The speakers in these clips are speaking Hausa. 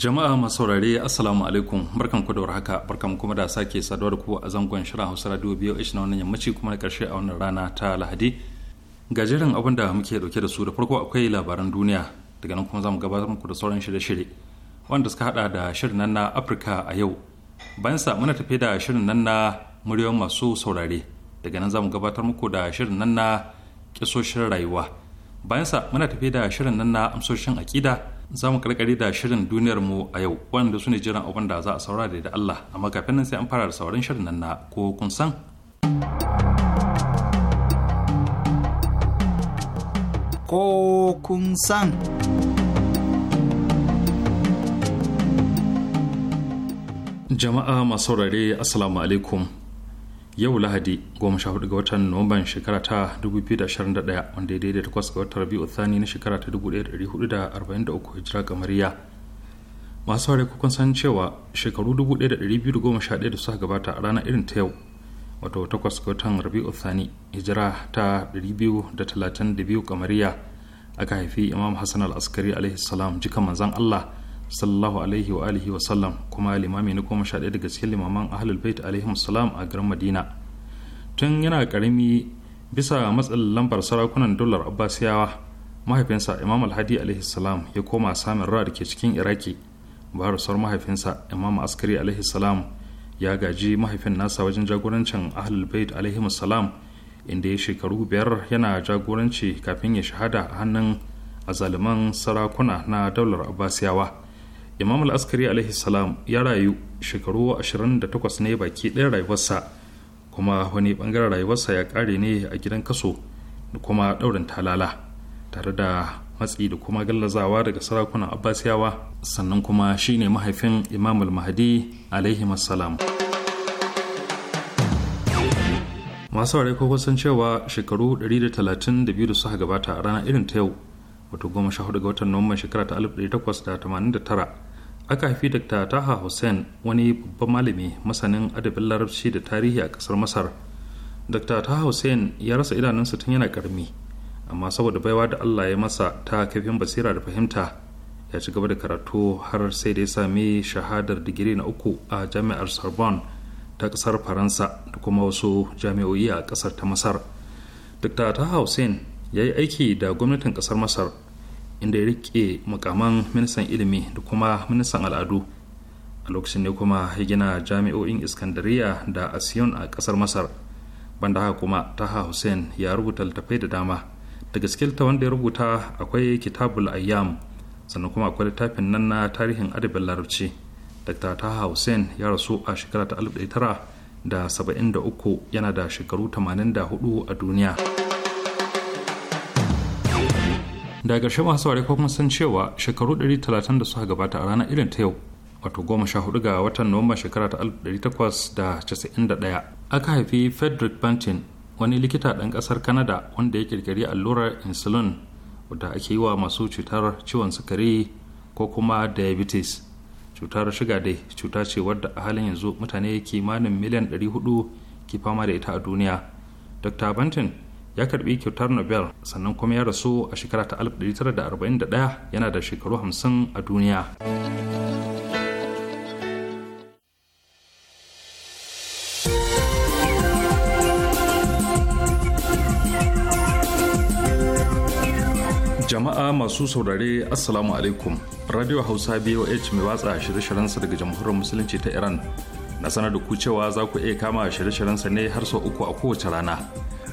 jama'a masu saurare assalamu alaikum barkan ku da warhaka barkan kuma da sake saduwa ku a zangon shirin hausa radio biyu ishi na wannan yammaci kuma na karshe a wannan rana ta lahadi gajeren abin da muke dauke da su da farko akwai labaran duniya daga nan kuma za mu gabatar muku da sauran shirye-shirye wanda suka hada da shirin nan na afirka a yau bayan sa muna tafi da shirin nan na muryoyin masu saurare daga nan zamu gabatar muku da shirin nan na kisoshin rayuwa bayan sa muna tafi da shirin nan na amsoshin akida za mu karkare da shirin duniyar mu a yau wanda su ne jiran abin da za a saura da da Allah amma kafin nan sai an fara da sauran shirin nan na ko kun san ko kun san jama'a masu saurare assalamu alaikum yau lahadi 14 ga watan nuwamban shekara ta 2021 wanda ya daidai takwas ga watan rabi'u thani na shekara ta 1443 hijira kamariya masu ware kukun san cewa shekaru 1211 da suka gabata a ranar irin ta yau wato takwas ga watan rabi'u thani hijira ta 232 kamariya aka haifi imam hassan al-askari alaihi salam jikan manzan allah sallallahu alaihi wa alihi wa sallam kuma limami na goma sha ɗaya daga cikin limaman ahlul bait alaihim salam a garin madina tun yana karami bisa matsalar lambar sarakunan dolar abbasiyawa mahaifinsa imam alhadi alaihi salam ya koma samun ra da ke cikin iraki barasar mahaifinsa imam askari alaihi salam ya gaji mahaifin nasa wajen jagorancin ahlul bait alaihi salam inda ya shekaru biyar yana jagoranci kafin ya shahada a hannun azaliman sarakuna na daular abbasiyawa imam askari alaihi salam ya rayu shekaru 28 ne baki ɗaya rayuwarsa kuma wani bangaren rayuwarsa ya ƙare ne a gidan kaso da kuma ɗaurin talala tare da matsi da kuma gallazawa daga sarakunan abbasiyawa sannan kuma shi ne mahaifin imam al-mahdi alaihi salam. masu ware ko san cewa shekaru 132 da suka gabata a ranar irin ta yau wato 14 ga watan nomban shekara ta 1889 aka haifi dr taha hussein wani babban malami masanin adabin larabci da tarihi a kasar masar dr taha hussein ya rasa idanunsa tun yana karmi amma saboda baiwa da allah ya masa ta kaifin basira da fahimta ya ci gaba da karatu har sai da ya sami shahadar digiri na uku a jami'ar sorbonne ta kasar faransa da kuma wasu jami'o'i a kasar ta masar dr taha hussein ya yi aiki da gwamnatin kasar masar inda ya rike mukaman ministan ilimi da kuma ministan al'adu a lokacin ne kuma ya gina jami'o'in iskandariya da asiyon a kasar masar banda haka kuma taha hussein ya rubuta littattafai da dama daga ta wanda ya rubuta akwai kitabul ayyam sannan kuma akwai littafin nan na tarihin adabin larabci dr taha hussein ya rasu a shekara ta 1973 yana da shekaru tamanin da hudu a duniya. da ƙarshe masu saurari kuma san cewa shekaru 130 da suka gabata a ranar irin ta yau wato 14 ga watan nuwamba shekara ta 1891 aka haifi frederick bantin wani likita ɗan ƙasar canada wanda ya ƙirƙiri allurar insulin wadda ake yi wa masu cutar ciwon sukari ko kuma diabetes cutar shiga dai cuta ce wadda a halin yanzu mutane kimanin miliyan 400 ke fama da ita a duniya dr bantin ya karbi kyautar nobel sannan kuma ya rasu a shekara ta 1941 yana da shekaru 50 a duniya jama'a masu saurare assalamu alaikum radio hausa boh mai watsa shirye sa daga jamhuriyar musulunci ta iran na sanar da ku cewa za ku iya kama shirye sa ne har sau uku a kowace rana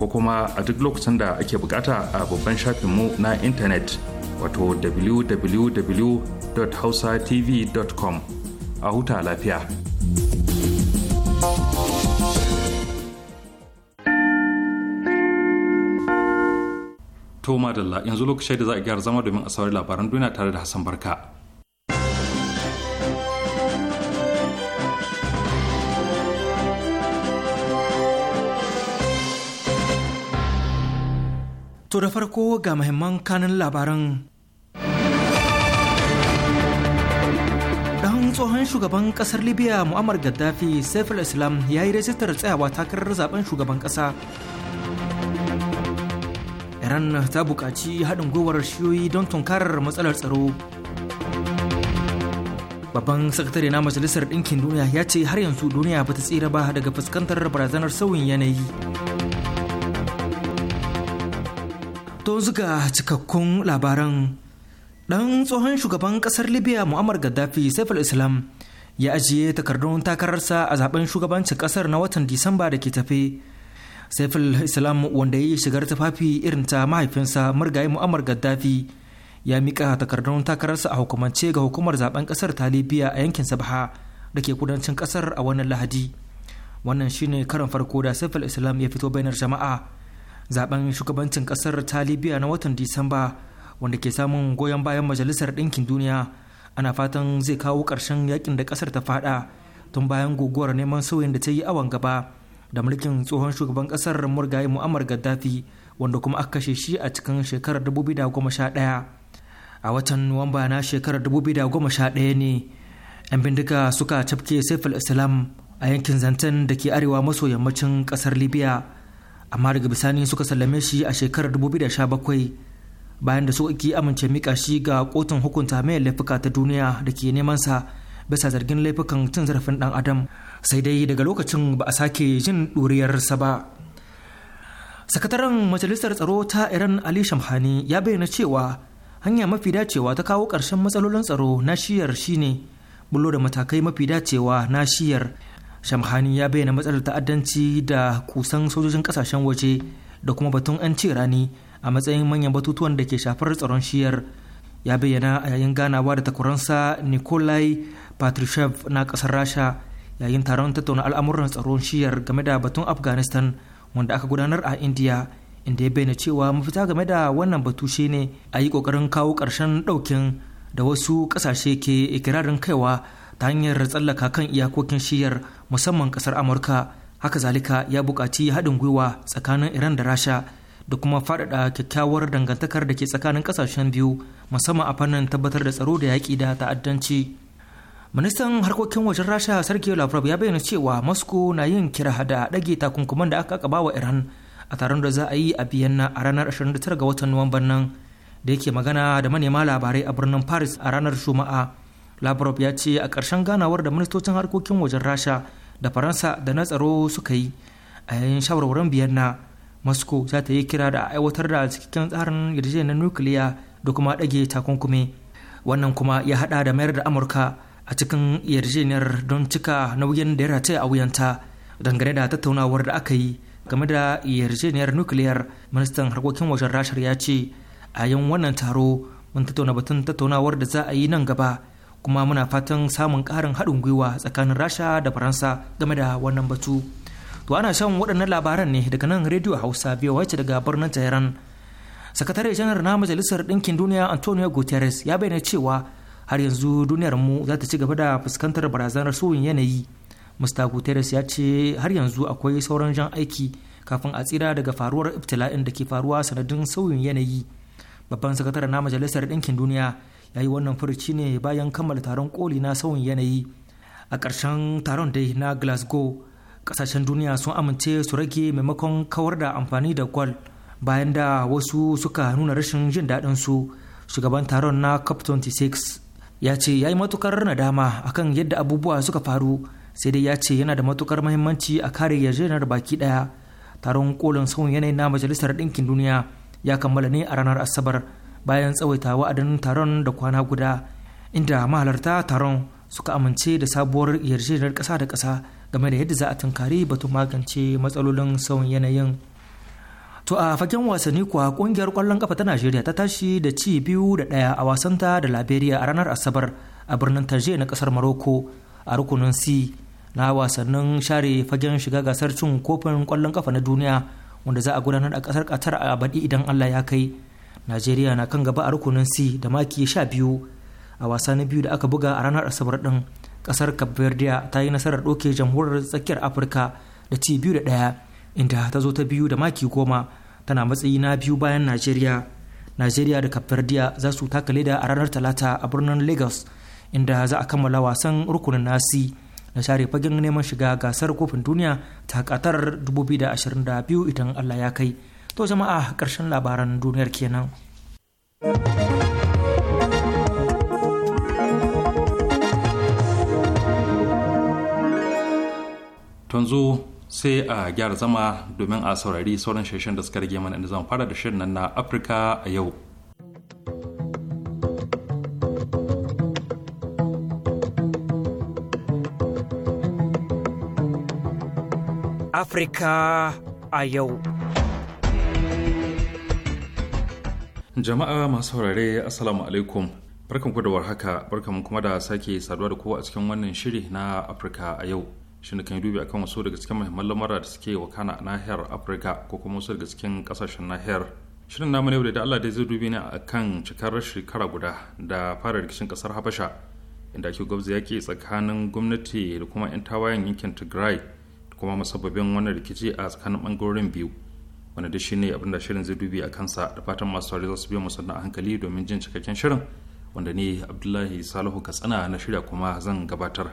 ko kuma a duk lokacin da ake bukata a babban shafinmu na intanet wato www.hausatv.com a huta lafiya. Toma Dalla yanzu lokacin da za a gyara zama domin a sauri labaran duniya tare da Hassan Barka. To da farko ga mahimman kanin labaran. Ɗan tsohon shugaban Ƙasar Libya Muammar Gaddafi Saiful Islam ya yi rajistar tsayawa takarar zaben shugaban ƙasa. Iran ta buƙaci haɗin gwiwar shiyoyi don tunkarar matsalar tsaro. babban sakatare na majalisar ɗinkin duniya ya ce har yanzu duniya ba ta tsira ba daga fuskantar barazanar sauyin yanayi To zuga cikakkun labaran ɗan tsohon shugaban ƙasar Libya Muammar Gaddafi Saiful Islam ya ajiye takardun takararsa a zaben shugabancin ƙasar na watan Disamba da ke tafe. Saiful Islam wanda ya yi shigar tufafi irin ta mahaifinsa murgaye Muammar Gaddafi ya miƙa takardun takararsa a hukumance ga hukumar zaben ƙasar ta Libya a yankin Sabha da ke kudancin ƙasar a wannan Lahadi. Wannan shine karin farko da Saiful Islam ya fito bainar jama'a zaben shugabancin kasar ta libya na watan disamba wanda ke samun goyon bayan majalisar ɗinkin duniya ana fatan zai kawo ƙarshen yakin da kasar ta fada tun bayan guguwar neman sauyin da ta yi awon gaba da mulkin tsohon shugaban kasar murgaye mu'ammar gaddafi wanda kuma aka kashe shi a cikin shekarar 2011 a watan nuwamba na shekarar 2011 ne 'yan bindiga suka cafke saiful islam a yankin zantan da ke arewa maso yammacin kasar libya amma daga bisani suka sallame shi a shekarar 2017 bayan da suka ki amince mika shi ga kotun hukunta mai laifuka ta duniya da ke neman sa bisa zargin laifukan cin zarafin dan adam sai dai daga lokacin ba a sake jin ɗuriyarsa ba sakataren majalisar tsaro ta iran ali shamhani ya bayyana cewa hanya mafi dacewa ta kawo ƙarshen matsalolin tsaro na shiyar shine bullo da matakai mafi dacewa na shiyar shamhani ya bayyana matsalar ta'addanci da kusan sojojin kasashen waje da kuma batun 'yanci rani a matsayin manyan batutuwan da ke shafar tsaron shiyar ya bayyana a yayin ganawa da takwaransa nikolai patrushev na kasar rasha yayin taron tattauna al'amuran tsaron shiyar game da batun afghanistan wanda aka gudanar a india inda ya bayyana cewa mafita game da wannan batu ne a yi kokarin kawo ƙarshen ɗaukin da wasu ƙasashe ke ikirarin kaiwa ta hanyar tsallaka kan iyakokin shiyar musamman kasar amurka haka zalika ya buƙaci haɗin gwiwa tsakanin iran da rasha da kuma faɗaɗa kyakkyawar dangantakar da ke tsakanin ƙasashen biyu musamman a fannin tabbatar da tsaro da yaƙi da ta'addanci ministan harkokin wajen rasha sarki lavrov ya bayyana cewa moscow na yin kira da ɗage takunkuman da aka kaba wa iran a taron da za a yi a biyanna a ranar 29 ga watan nuwamban nan da yake magana da manema labarai a birnin paris a ranar juma'a lavrov ya ce a ƙarshen ganawar da ministocin harkokin wajen rasha da faransa da na tsaro suka yi a yayin shawarwarin na moscow za ta yi kira da aiwatar da cikakken tsarin yarjejeniyar nukiliya da kuma ɗage takunkumi wannan kuma ya haɗa da mayar da amurka a cikin yarjejeniyar don cika nauyin da ya rataya a wuyanta dangane da tattaunawar da aka yi game da yarjejeniyar nukiliyar ministan harkokin wajen rasha ya ce a yin wannan taro mun tattauna batun tattaunawar da za a yi nan gaba kuma muna fatan samun karin haɗin gwiwa tsakanin rasha da faransa game da wannan batu to ana shan waɗannan labaran ne daga nan rediyo hausa biyu wacce daga birnin tehran sakatare janar na majalisar ɗinkin duniya antonio guterres ya bayyana cewa har yanzu duniyar mu za ta ci gaba da fuskantar barazanar sauyin yanayi mr guterres ya ce har yanzu akwai sauran jan aiki kafin a tsira daga faruwar ibtila'in da ke faruwa sanadin sauyin yanayi babban sakatare na majalisar ɗinkin duniya ya yi wannan furuci ne bayan kammala taron koli na sauyin yanayi a ƙarshen taron dai na glasgow ƙasashen duniya sun amince su rage maimakon kawar da amfani da gwal bayan da wasu suka nuna rashin jin daɗin su shugaban taron na cop 26 ya ce ya yi matukar nadama akan yadda abubuwa suka faru sai dai ya ce yana da matukar mahimmanci a kare yarjejeniyar baki ɗaya taron kolin sauyin yanayi na majalisar ɗinkin duniya ya kammala ne a ranar asabar bayan tsawaita wa'adin taron da kwana guda inda mahalarta taron suka amince da sabuwar yarjejeniyar kasa da kasa game da yadda za a tunkari batun magance matsalolin sauyin yanayin to a fagen wasanni kuwa kungiyar kwallon kafa ta najeriya ta tashi da ci biyu da ɗaya a wasanta da liberia a ranar asabar a birnin tarje na kasar maroko a rukunin c na wasannin share fagen shiga gasar cin kofin kwallon kafa na duniya wanda za a gudanar a ƙasar katar a baɗi idan allah ya kai najeriya na kan gaba a rukunin c da maki sha biyu a wasa na biyu da aka buga a ranar asabar din kasar capverdia ta yi nasarar doke jamhuriyar tsakiyar afirka da ci biyu da daya inda ta zo ta biyu da maki goma tana matsayi na biyu bayan najeriya najeriya da capverdia za su taka leda a ranar talata a birnin lagos inda za a kammala wasan rukunin nasi na share fagen neman shiga gasar kofin duniya ta katar 2022 idan allah ya kai to jama'a ƙarshen labaran duniyar kenan. Tunzu sai a gyara zama domin a saurari sauran shirin da suka rage mana inda zan fara da shirin nan na Afirka a yau. Afirka a yau. jama'a masu saurare assalamu alaikum barkan ku da warhaka barkan kuma da sake saduwa da kowa a cikin wannan shiri na afirka a yau shi kan yi dubi akan wasu daga cikin muhimman lamura da suke wakana nahiyar afirka ko kuma wasu daga cikin kasashen nahiyar shirin namu ne da Allah dai zai dubi ne akan cikar shekara guda da fara rikicin kasar habasha inda ake gwabza yake tsakanin gwamnati da kuma 'yan tawayen yankin tigray da kuma musabbabin wannan rikici a tsakanin bangarorin biyu wanda da shine abin da shirin zai dubi a kansa da fatan masu saurari za su biya a hankali domin jin cikakken shirin wanda ne abdullahi salihu katsina na shirya kuma zan gabatar.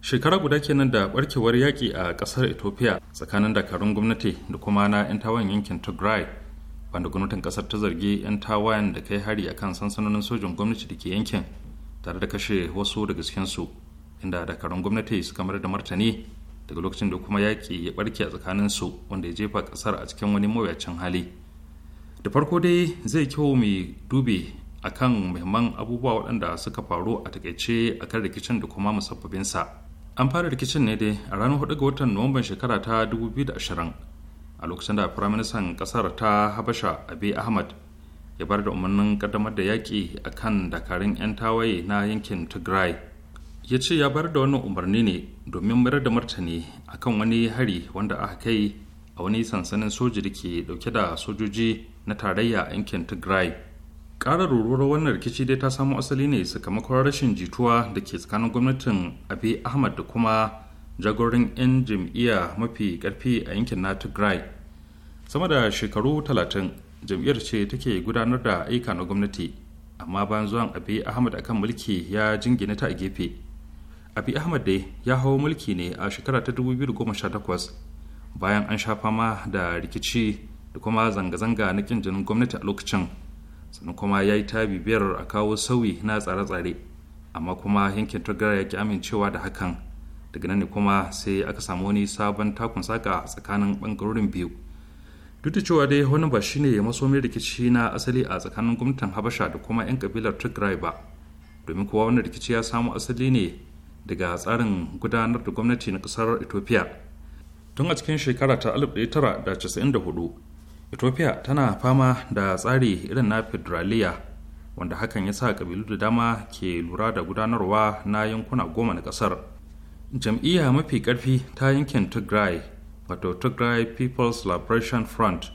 shekara guda kenan da barkewar yaƙi a ƙasar ethiopia tsakanin dakarun gwamnati da kuma na 'yan tawayen yankin tigray wanda gwamnatin ƙasar ta zargi 'yan tawayen da kai hari akan sansanonin sojin gwamnati da ke yankin tare da kashe wasu daga cikinsu inda dakarun gwamnati suka mar da martani daga lokacin da kuma yaƙi ya barke a tsakanin su wanda ya jefa ƙasar a cikin wani mawuyacin hali da farko dai zai kyau mai dube kan muhimman abubuwa waɗanda suka faru a takaice akan rikicin da kuma musabbabinsa an fara rikicin ne dai a ranar hudu ga watan nuwamban shekara ta 2020 a lokacin da firaministan ƙasar ta habasha abi ahmad ya bar da umarnin ƙaddamar da yaƙi a kan dakarun 'yan tawaye na yankin tigray ya ce ya bar da wannan umarni ne domin mayar da martani akan wani hari wanda aka kai a wani sansanin soji da ke dauke da sojoji na tarayya a yankin tigray ƙarar ruruwar wannan rikici dai ta samo asali ne sakamakon rashin jituwa da ke tsakanin gwamnatin abi ahmad da kuma jagorin 'yan jam'iyya mafi karfi a yankin na tigray sama da shekaru talatin jam'iyyar ce take gudanar da aika na gwamnati amma bayan zuwan abi ahmad akan mulki ya jingina ta a gefe abi ahmad dai ya hau mulki ne a shekara ta 2018 bayan an sha fama da rikici da kuma zanga-zanga na kin jinin gwamnati a lokacin sannan kuma ya yi ta bibiyar a kawo sauyi na tsare-tsare amma kuma yankin tagara ya ki amincewa da hakan daga nan ne kuma sai aka samu wani sabon takun saka tsakanin bangarorin biyu duk da cewa dai wani ba shine masomin rikici na asali a tsakanin gwamnatin habasha da kuma 'yan kabilar tigray ba domin kowa wani rikici ya samu asali ne daga tsarin gudanar da gwamnati na ƙasar ethiopia tun a cikin shekara ta 1994 ethiopia tana fama da tsari irin na federaliya wanda hakan ya sa ƙabilu da dama ke lura da gudanarwa na yankuna goma na ƙasar jam'iyya mafi ƙarfi ta yankin tigray wato tigray people's liberation front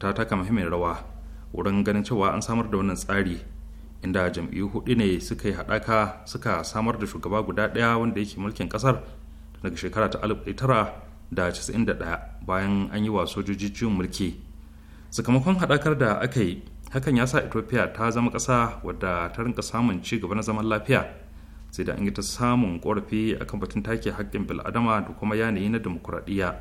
ta taka muhimmin rawa wurin ganin cewa an samar da wannan tsari inda jam'iyyu hudu ne suka yi haɗaka suka samar da shugaba guda ɗaya wanda yake mulkin ƙasar daga shekara ta tara da da 1991 bayan an yi wa sojoji ciwon mulki sakamakon haɗakar da aka yi hakan ya sa ethiopia ta zama ƙasa wadda ta rinka samun ci gaba na zaman lafiya sai da an yi ta samun ƙorafi akan batun take haƙƙin bil'adama da kuma yanayi na dimokuraɗiyya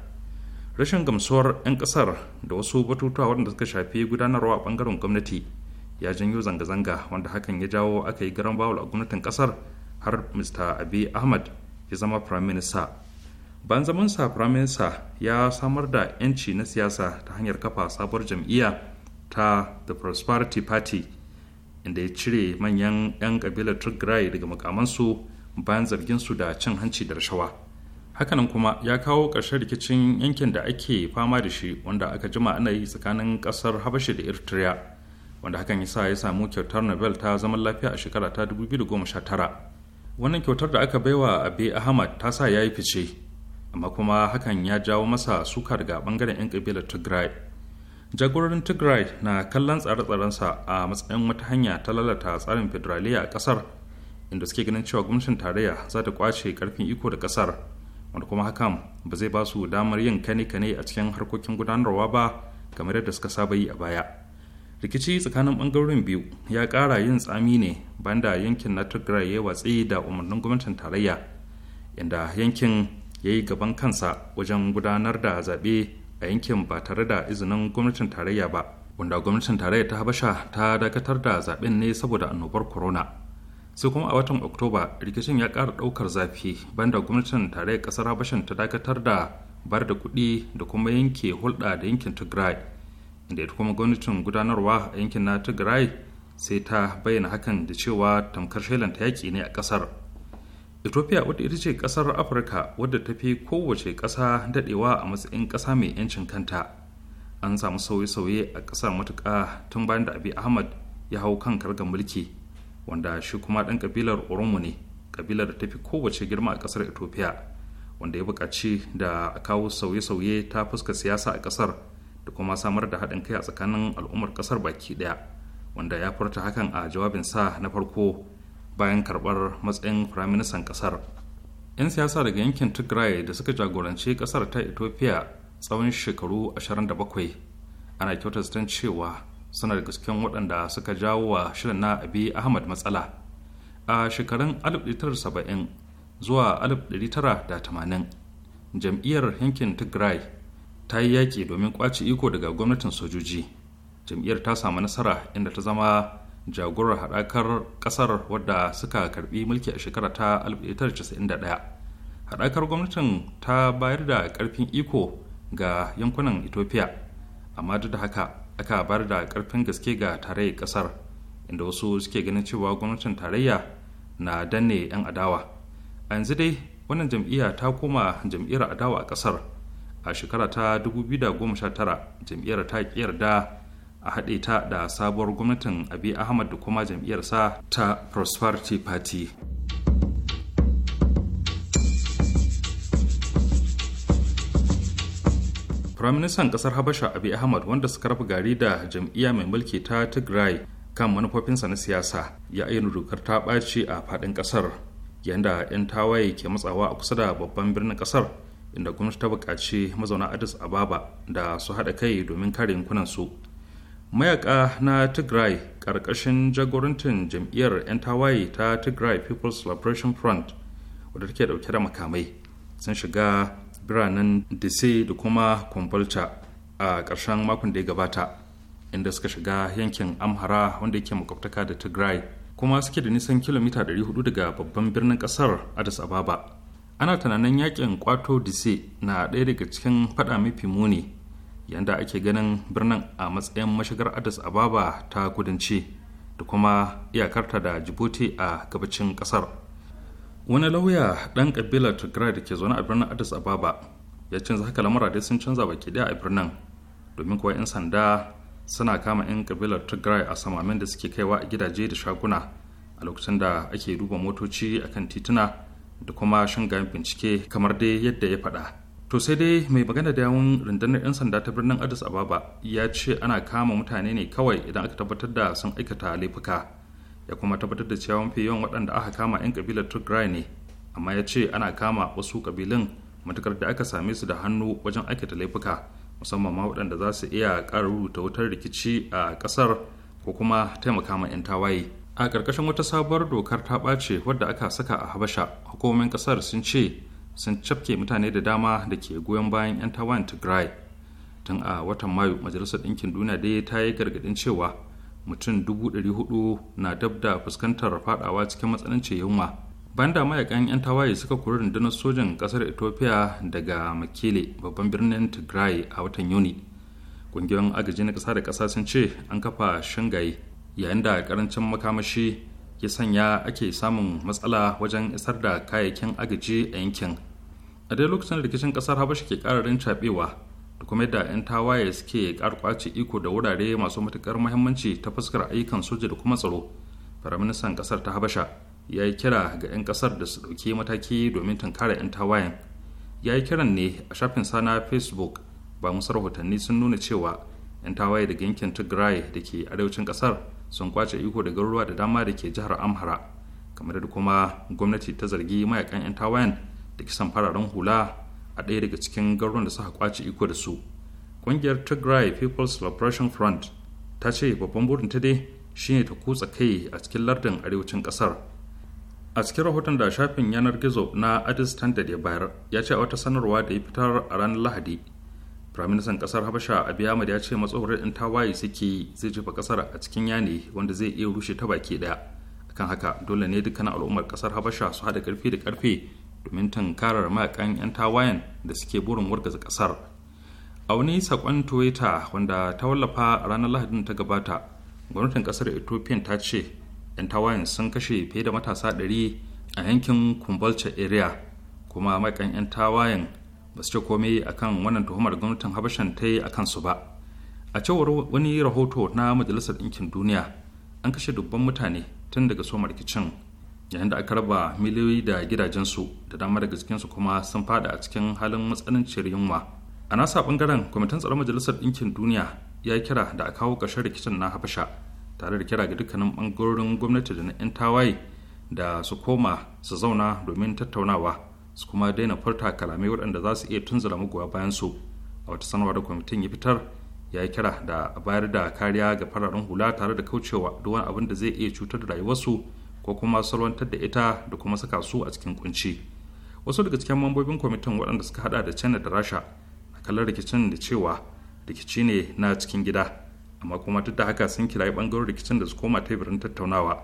rashin gamsuwar 'yan ƙasar da wasu batutuwa waɗanda suka shafi gudanarwa a ɓangaren gwamnati ya janyo zanga-zanga wanda hakan ya jawo aka yi garan bawul a gwamnatin kasar har mr abi ahmad ya zama prime minister zaman sa prime minister ya samar da 'yanci na siyasa ta hanyar kafa sabuwar jam'iyya ta the prosperity party inda ya cire manyan 'yan kabilar tigray daga makamansu bayan zarginsu da cin hanci da rashawa hakanan kuma ya kawo ƙarshen rikicin yankin da ake fama da shi wanda aka jima ana yi tsakanin ƙasar habashi da eritrea wanda hakan ya sa ya samu kyautar nobel ta zaman lafiya a shekara ta 2019 wannan kyautar da aka baiwa abe ahmad ta sa ya yi fice amma kuma hakan ya jawo masa suka daga bangaren 'yan kabilar tigray jagororin tigray na kallon tsare-tsarensa a matsayin wata hanya ta lalata tsarin federaliya a kasar inda suke ganin cewa gwamnatin tarayya za ta kwace karfin iko da kasar wanda kuma hakan ba zai ba su damar yin kane-kane a cikin harkokin gudanarwa ba kamar yadda suka saba yi a baya rikici tsakanin bangarorin biyu ya kara yin tsami ne banda yankin na tigray ya watsi da umarnin gwamnatin tarayya inda yankin ya yi gaban kansa wajen gudanar da zaɓe a yankin ba tare da izinin gwamnatin tarayya ba wanda gwamnatin tarayya ta habasha ta dakatar da zaɓen ne saboda annobar corona sai kuma a watan oktoba rikicin ya ƙara ɗaukar zafi banda gwamnatin tarayya ƙasar habashan ta dakatar da bar da kuɗi da kuma yanke hulɗa da yankin tigray da ita kuma gwamnatin gudanarwa a yankin na tigray sai ta bayyana hakan da cewa tamkar ta yaƙi ne a ƙasar ethiopia wadda ita ce ƙasar afirka wadda ta fi kowace ƙasa daɗewa a matsayin ƙasa mai 'yancin kanta an samu sauye-sauye a ƙasar matuƙa tun bayan da abi ahmad ya hau kan karga mulki wanda shi kuma ɗan ƙabilar oromo ne ƙabilar da ta fi kowace girma a ƙasar ethiopia wanda ya buƙaci da a kawo sauye-sauye ta fuska siyasa a ƙasar da kuma samar da haɗin kai a tsakanin al'ummar ƙasar baki ɗaya wanda ya furta hakan a jawabinsa na farko bayan karɓar matsayin firaministan ƙasar 'yan siyasa daga yankin tigray da suka jagoranci ƙasar ta ethiopia tsawon shekaru 27 ana kyautata cewa suna da gasken waɗanda suka jawo wa shirin na abi ahmad matsala a shekarun 1970 zuwa 1980 jam'iyyar yankin tigray ta yi yaƙi domin ƙwace iko daga gwamnatin sojoji jam'iyyar ta samu nasara inda ta zama jagorar haɗakar ƙasar wadda suka karɓi mulki a shekara ta 1991 haɗakar gwamnatin ta bayar da ƙarfin iko ga yankunan ethiopia amma duk da haka aka bayar da ƙarfin gaske ga tarayyar ƙasar inda wasu suke ganin cewa gwamnatin tarayya na danne 'yan adawa a yanzu dai wannan jam'iyya ta koma jam'iyyar adawa a ƙasar a shekara ta 2019 jam'iyyar ta yarda a haɗe ta da sabuwar gwamnatin abi ahmad da kuma jam'iyyarsa ta prosperity party firaministan ƙasar habasha abi ahmad wanda suka rafa gari da jam'iyya mai mulki ta tigray kan manufofinsa na siyasa ya ainihin dokar ta ɓaci a faɗin ƙasar yadda 'yan tawaye ke matsawa a kusa da babban birnin ƙasar inda gwamnati ta buƙaci mazauna addis ababa da su haɗa kai domin kare su, mayaka na tigray ƙarƙashin jagorantar jam'iyyar 'yan tawaye ta tigray people's liberation front wadda take ɗauke da makamai sun shiga biranen dise da kuma kumbulta a ƙarshen makon da ya gabata inda suka shiga yankin amhara wanda yake makwabtaka da tigray kuma suke da nisan kilomita 400 daga babban birnin ƙasar addis ababa ana tunanin yakin kwato dise na ɗaya daga cikin fada mafi muni yadda ake ganin birnin a matsayin mashigar addis ababa ta kudanci da kuma iyakarta da jibuti a gabacin ƙasar wani lauya ɗan kabilar tigray da ke zaune a birnin addis ababa ya canza haka lamura dai sun canza baki ɗaya a birnin domin kuwa 'yan sanda suna kama 'yan kabilar tigray a samamin da suke kaiwa a gidaje da shaguna a lokacin da ake duba motoci akan tituna da kuma shingayen bincike kamar dai yadda ya faɗa to sai dai mai magana da yawun rundunar 'yan sanda ta birnin addis ababa ya ce ana kama mutane ne kawai idan aka tabbatar da sun aikata laifuka ya kuma tabbatar da cewa mafi yawan waɗanda aka kama 'yan kabilar tigray ne amma ya ce ana kama wasu kabilun matukar da aka same su da hannu wajen aikata laifuka musamman ma waɗanda za su iya ƙara rubuta wutar rikici a ƙasar ko kuma taimaka ma 'yan tawaye a ƙarƙashin wata sabuwar dokar ta ɓace wadda aka saka a habasha hukumomin ƙasar sun ce sun cafke mutane da dama da ke goyon bayan 'yan tawan tigray tun a watan mayu majalisar ɗinkin duniya dai ta yi gargaɗin cewa mutum dubu hudu na dab da fuskantar fadawa cikin matsananci yunwa banda mayakan 'yan tawaye suka kori rundunar sojan ƙasar ethiopia daga makele babban birnin tigray a watan yuni ƙungiyoyin agaji na ƙasa da ƙasa sun ce an kafa shingaye yayin da karancin makamashi ya sanya ake samun matsala wajen isar da kayayyakin agaji a yankin a dai lokacin rikicin kasar habasha ke kararin cabewa da kuma yadda 'yan tawaye suke karkwace iko da wurare masu matukar muhimmanci ta fuskar ayyukan soja da kuma tsaro faraministan kasar ta habasha ya yi kira ga 'yan kasar da su ɗauki mataki domin tunkara 'yan tawayen ya yi kiran ne a shafin sa na facebook ba musar rahotanni sun nuna cewa 'yan tawaye daga yankin tigray da ke arewacin kasar sun kwace iko da garuruwa da dama da ke jihar amhara kamar da kuma gwamnati ta zargi mayakan 'yan tawayan da kisan fararen hula a ɗaya daga cikin garuruwan da suka kwace iko da su ƙungiyar tigray people's liberation front ta ce babban burin ta dai shine ta kutsa kai a cikin lardin arewacin kasar. a cikin rahoton da shafin yanar gizo na addis standard ya bayar ya ce a wata sanarwa da ya fitar a ranar lahadi firaministan kasar habasha abiy ahmad ya ce matsawar in tawaye suke zai jefa kasar a cikin yane wanda zai iya rushe ta baki daya akan haka dole ne dukkan al'ummar kasar habasha su hada karfi da karfe domin tankarar mayakan yan tawayen da suke burin wargaza kasar a wani sakon toyota wanda ta wallafa ranar lahadin ta gabata gwamnatin kasar ethiopia ta ce yan tawayen sun kashe fiye da matasa 100 a yankin kumbalcha area kuma mayakan yan tawayen ba su ce komai akan wannan tuhumar gwamnatin habashan ta yi a kansu ba a cewar wani rahoto na majalisar ɗinkin duniya an kashe dubban mutane tun daga somar rikicin yayin da aka raba miliyoyi da gidajensu da dama daga cikinsu kuma sun fada a cikin halin matsananciyar yunwa a nasa bangaren kwamitin tsaron majalisar ɗinkin duniya ya kira da a kawo ƙarshen rikicin na habasha tare da kira ga dukkanin bangarorin gwamnati da na 'yan tawaye da su koma su zauna domin tattaunawa su kuma daina furta kalamai waɗanda za su iya tunzura magoya bayan su a wata sanarwa da kwamitin ya fitar ya yi kira da bayar da kariya ga fararen hula tare da kaucewa duk wani abin da zai iya cutar da rayuwarsu ko kuma salwantar da ita da kuma saka su a cikin kunci wasu daga cikin mambobin kwamitin waɗanda suka hada da china da rasha a kallon rikicin da cewa rikici ne na cikin gida amma kuma duk da haka sun kirayi bangaren rikicin da su koma teburin tattaunawa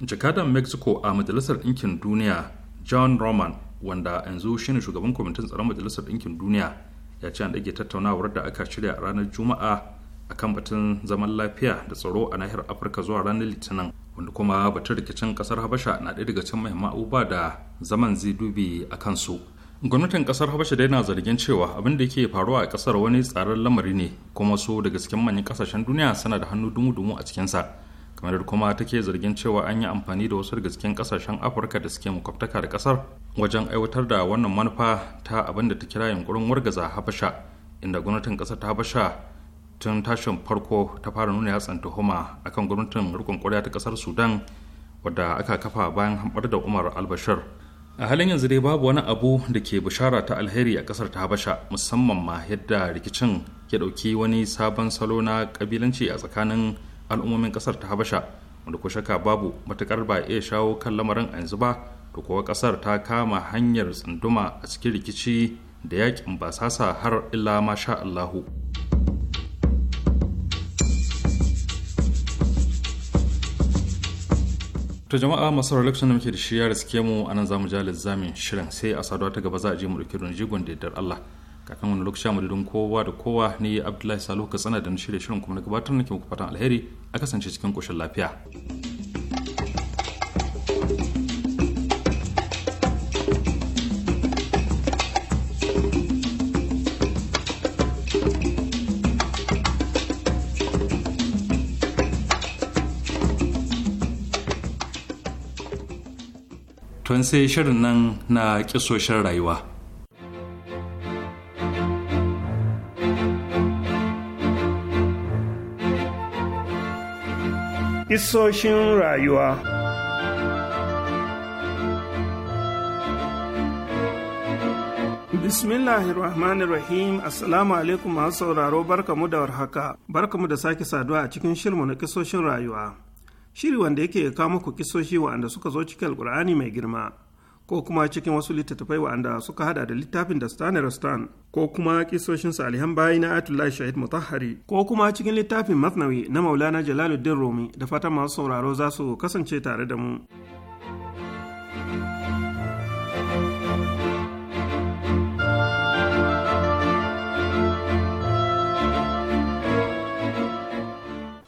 jakadan mexico a majalisar ɗinkin duniya john roman wanda yanzu shine shugaban kwamitin tsaron majalisar ɗinkin duniya ya ce an ɗage tattaunawar da aka shirya a ranar juma'a akan batun zaman lafiya da tsaro a nahiyar afirka zuwa ranar litinin wanda kuma batun rikicin kasar habasha na ɗaya daga cikin mahimman abubuwa da zaman zai dubi a kansu gwamnatin kasar habasha dai na zargin cewa abin da ke faruwa a kasar wani tsaron lamari ne kuma su daga cikin manyan kasashen duniya suna da hannu dumu-dumu a cikinsa kamar kuma take zargin cewa an yi amfani da wasu daga cikin kasashen afirka da suke makwabtaka da kasar wajen aiwatar da wannan manufa ta abin da ta kira yunkurin wargaza habasha inda gwamnatin kasar ta habasha tun tashin farko ta fara nuna yatsan tuhuma akan gwamnatin rukun kwarya ta kasar sudan wadda aka kafa bayan hambar da umar albashir a halin yanzu dai babu wani abu da ke bishara ta alheri a kasar ta habasha musamman ma yadda rikicin ke ɗauki wani sabon salo na kabilanci a tsakanin al'ummomin kasar ta habasha wanda ko shaka babu matukar ba iya shawo kan lamarin a yanzu ba to kuwa kasar ta kama hanyar tsunduma a cikin rikici da yakin basasa har illa masha Allahu. To jama'a masu lokacin da muke da shi ya riske mu anan zamu ja lizamin shirin sai a saduwa ta gaba za a je mu ɗauki runjigon da Allah. kakan wani lokaci a madadin kowa da kowa ni abdullahi salo ka tsana da na shirya shirin kuma na gabatar nake muku fatan alheri a kasance cikin koshin lafiya tun sai shirin nan na kisoshin rayuwa Isoshin rayuwa Bismillahirrahmanirrahim Assalamu alaikum masu sauraro barkamu da warhaka mu da sake saduwa a cikin shirmu na kisoshin rayuwa shiri wanda yake ya kawo muku kisoshi waɗanda suka zo cikin alkur'ani mai girma ko kuma cikin wasu littattafai wa'anda suka hada da littafin da stan rastan ko kuma kisoshin salihan bayi na atullah shahid mutahari ko kuma cikin littafin masnawi na maulana jalaluddin rumi da fatan masu sauraro za su kasance tare da mu.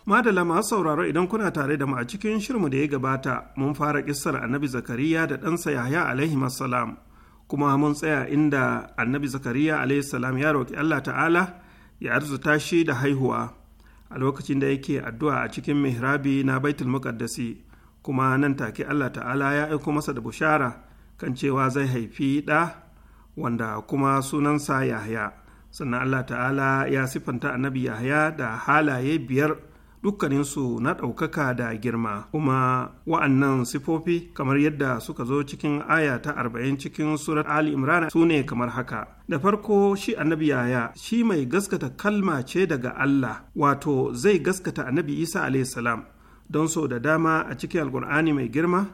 Madala masu sauraro idan kuna tare da mu a cikin shirmu da ya gabata mun fara kissar annabi Zakariya da ɗansa Yahya alaihi salam kuma mun tsaya inda annabi Zakariya alaihi salam ya roƙi Allah ta'ala ya arzuta shi da haihuwa a lokacin da yake addu'a a cikin mihrabi na Baitul Muqaddasi kuma nan take Allah ta'ala ya aiko masa da bushara kan cewa zai haifi ɗa wanda kuma sunansa Yahya sannan Allah ta'ala ya siffanta annabi Yahya da halaye biyar dukkaninsu na ɗaukaka da girma kuma wa'annan sifofi kamar yadda suka zo cikin aya ta arba'in cikin surat ali imran su ne kamar haka da farko shi annabi yaya shi mai gaskata kalma ce daga allah wato zai gaskata annabi isa alayhi salam don so da dama a cikin alkur'ani mai girma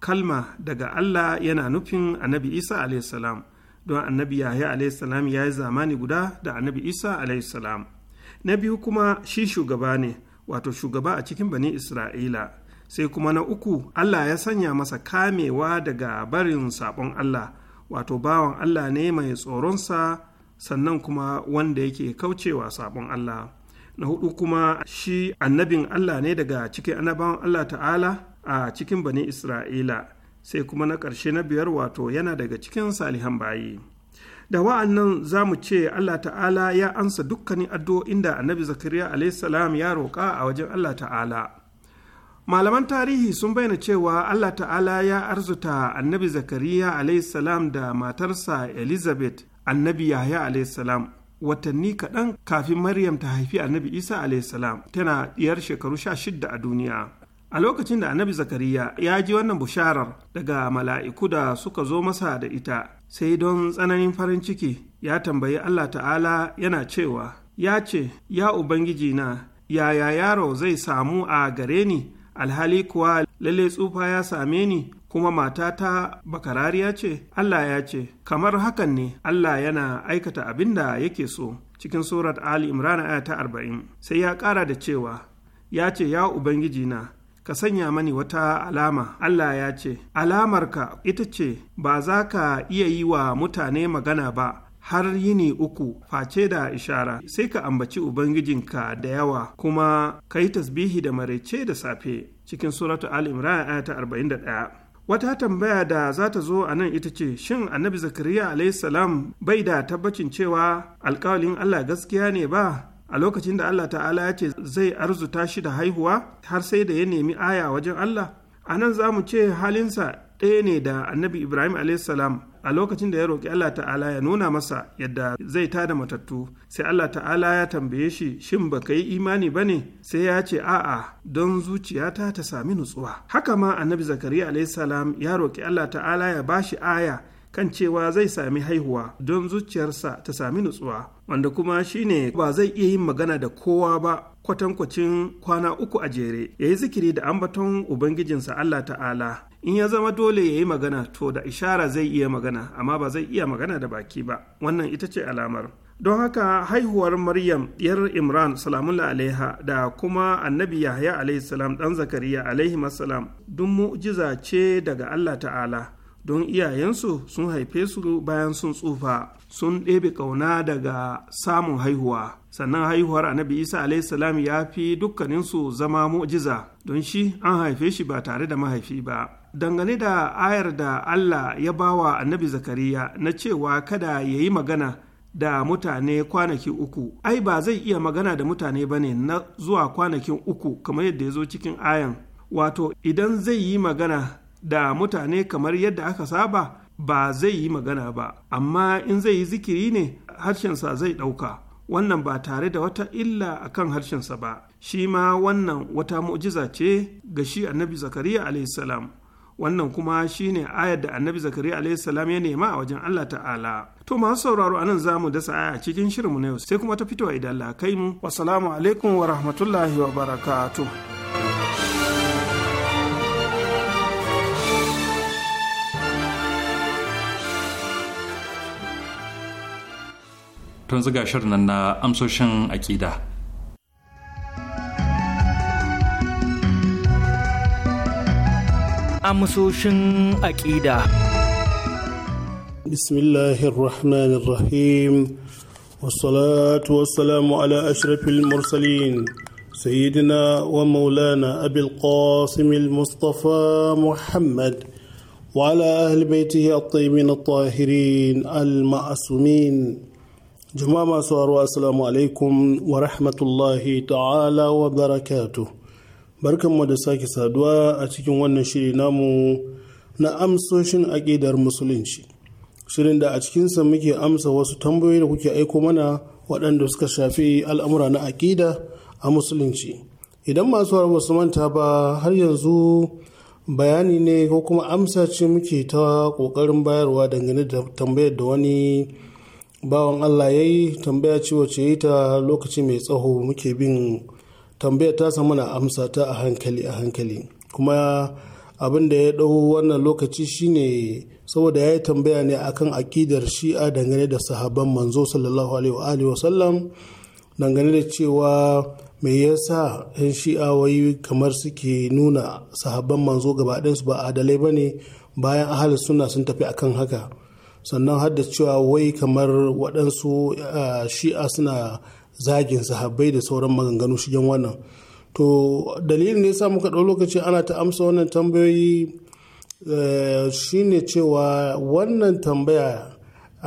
kalma daga allah yana nufin annabi isa alayhi salam don annabi yahya alayhi ya yi zamani guda da annabi isa alayhi salam na biyu kuma shi shugaba ne wato shugaba a cikin bani isra'ila sai kuma na uku allah ya sanya masa kamewa daga barin saɓon allah wato bawan allah ne mai tsoronsa sannan kuma wanda yake kaucewa saɓon allah na hudu kuma shi annabin allah ne daga cikin annabawan allah ta'ala a cikin bani isra'ila sai kuma na ƙarshe na biyar wato yana daga cikin salihan bayi da wa'annan za mu ce Allah ta'ala ya ansa dukkanin addu'o'in da annabi zakariya alaihissalam ya roƙa a wajen Allah ta'ala malaman tarihi sun bayyana cewa Allah ta'ala ya arzuta annabi zakariya alaihissalam da matarsa elizabeth annabi yahya alaihissalam watanni kaɗan kafin maryam ta haifi annabi isa alaihissalam tana ɗiyar shekaru sha shidda a duniya a lokacin da annabi zakariya ya ji wannan busharar daga mala'iku da suka zo masa da ita sai don tsananin farin ciki ya tambayi allah ta'ala yana cewa ya ce ya ubangiji na yaya yaro zai samu a gare ni alhali kuwa lalle tsufa ya same ni kuma matata bakarariya ce allah ya ce kamar hakan ne allah yana aikata abin da yake so cikin surat ali imran aya ta arba'in sai ya kara da cewa ya ce ya ubangiji na ka sanya mani wata alama Allah ya ce alamarka ita ce ba za ka iya yi wa mutane magana ba har yini uku face da ishara sai ka ambaci ubangijinka da yawa kuma ka yi tasbihi da maraice da safe cikin suratu al imran aya ta 41 wata tambaya da za ta zo a nan ita ce shin annabi zakariya salam bai da tabbacin cewa alkawalin allah gaskiya ne ba a lokacin da Allah ta'ala ya ce zai arzuta shi da haihuwa har sai da ya nemi aya wajen Allah a nan za mu ce halinsa ɗaya ne da annabi ibrahim salam a lokacin da ya roƙi allah ta'ala ya nuna masa yadda zai tada matattu sai allah ta'ala ya tambaye shi shin ba ka yi imani ba ne sai ya ce a'a don zuciyata ta sami nutsuwa haka ma annabi zakariya salam ya roƙi allah ta'ala ya bashi aya kan cewa zai sami haihuwa don zuciyarsa ta sami nutsuwa wanda kuma shine ba zai iya yin magana da kowa ba kwatankwacin kwana uku a jere ya yi zikiri da ambaton ubangijinsa Allah ta'ala in ya zama dole ya yi magana to da ishara zai iya magana amma ba zai iya magana da baki ba wannan ita ce alamar don haka haihuwar maryam 'yar imran salamullah alaiha da kuma annabi yahya alaihi salam ɗan zakariya alaihi duk mu'jiza ce daga allah ta'ala don iyayensu sun haife su bayan sun tsufa sun ɗebe ƙauna daga samun haihuwa sannan haihuwar annabi isa alaihissalam ya fi dukkaninsu zama mu'jiza don shi an haife shi ba tare da mahaifi ba dangane da ayar da allah ya bawa annabi zakariya na cewa kada ya yi magana da mutane kwanaki uku ai ba zai iya magana da mutane ba ne na zuwa kwanakin uku kamar yadda ya zo cikin ayan wato idan zai yi magana da mutane kamar yadda aka saba ba zai yi magana ba amma in zai yi zikiri ne harshensa zai ɗauka wannan ba tare da wata illa a kan harshensa ba shi ma wannan wata mu'jiza ce ga shi annabi zakariya alaihissalam wannan kuma shi ne ayar da annabi zakariya alaihissalam ya nema a wajen allah ta'ala to masu sauraro anan za mu dasa aya cikin shirinmu na yau sai kuma ta fitowa idan lakai kai mu wasalamu alaikum wa rahmatullahi wa barakatuh tun ziga shirin nan na amsoshin aƙida. Amsoshin aƙida. Bismillahirrahmanirrahim. Wassalatu wassalamu ala ashrafil mursalin. سيدنا ومولانا أبي القاسم المصطفى محمد وعلى أهل بيته الطيبين الطاهرين المعصومين Jama'a masu haruwa assalamu alaikum wa rahmatullahi ta'ala wa barakatu. Barkanmu da sake saduwa a cikin wannan shiri namu na amsoshin aƙidar musulunci. Shirin da a cikinsa muke amsa wasu tambayoyi da kuke aiko mana waɗanda suka shafi al'amura na aƙida a musulunci. Idan masu haruwa su manta ba har yanzu bayani ne ko kuma amsa ce muke ta ƙoƙarin bayarwa dangane da tambayar da wani. bawan Allah ya yi tambaya ce wace yi ta lokaci mai tsaho muke bin tambaya ta samu na amsa ta a hankali a hankali kuma abin da ya ɗau wannan lokaci shine saboda ya yi tambaya ne akan akidar shi'a dangane da sahaban manzo sallallahu alaihi wa sallam dangane da cewa me yasa 'yan shi'a wai kamar suke nuna sahaban manzo gaba ba adalai ba ne bayan ahali suna sun tafi akan haka sannan har da cewa wai kamar waɗansu shi'a suna zagin sahabbai da sauran maganganu shigen wannan to dalilin ne sa muka lokaci ana ta amsa wannan tambayoyi e, shine cewa wannan tambaya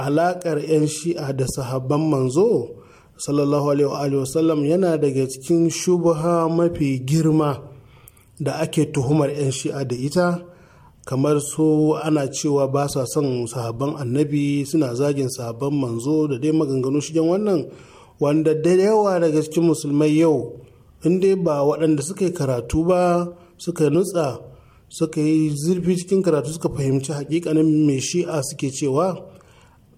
alaƙar 'yan shi'a da sahabban manzo sallallahu alaihi wasallam yana daga cikin shubha mafi girma da ake tuhumar 'yan shi'a da ita kamar so ana cewa ba sa son sahabban annabi suna zagin sahabban manzo da dai maganganu shigen wannan wanda da yawa daga cikin musulmai yau in dai ba waɗanda suka yi karatu ba suka nutsa suka yi zurfi cikin karatu suka fahimci hakikanin mai shi'a suke cewa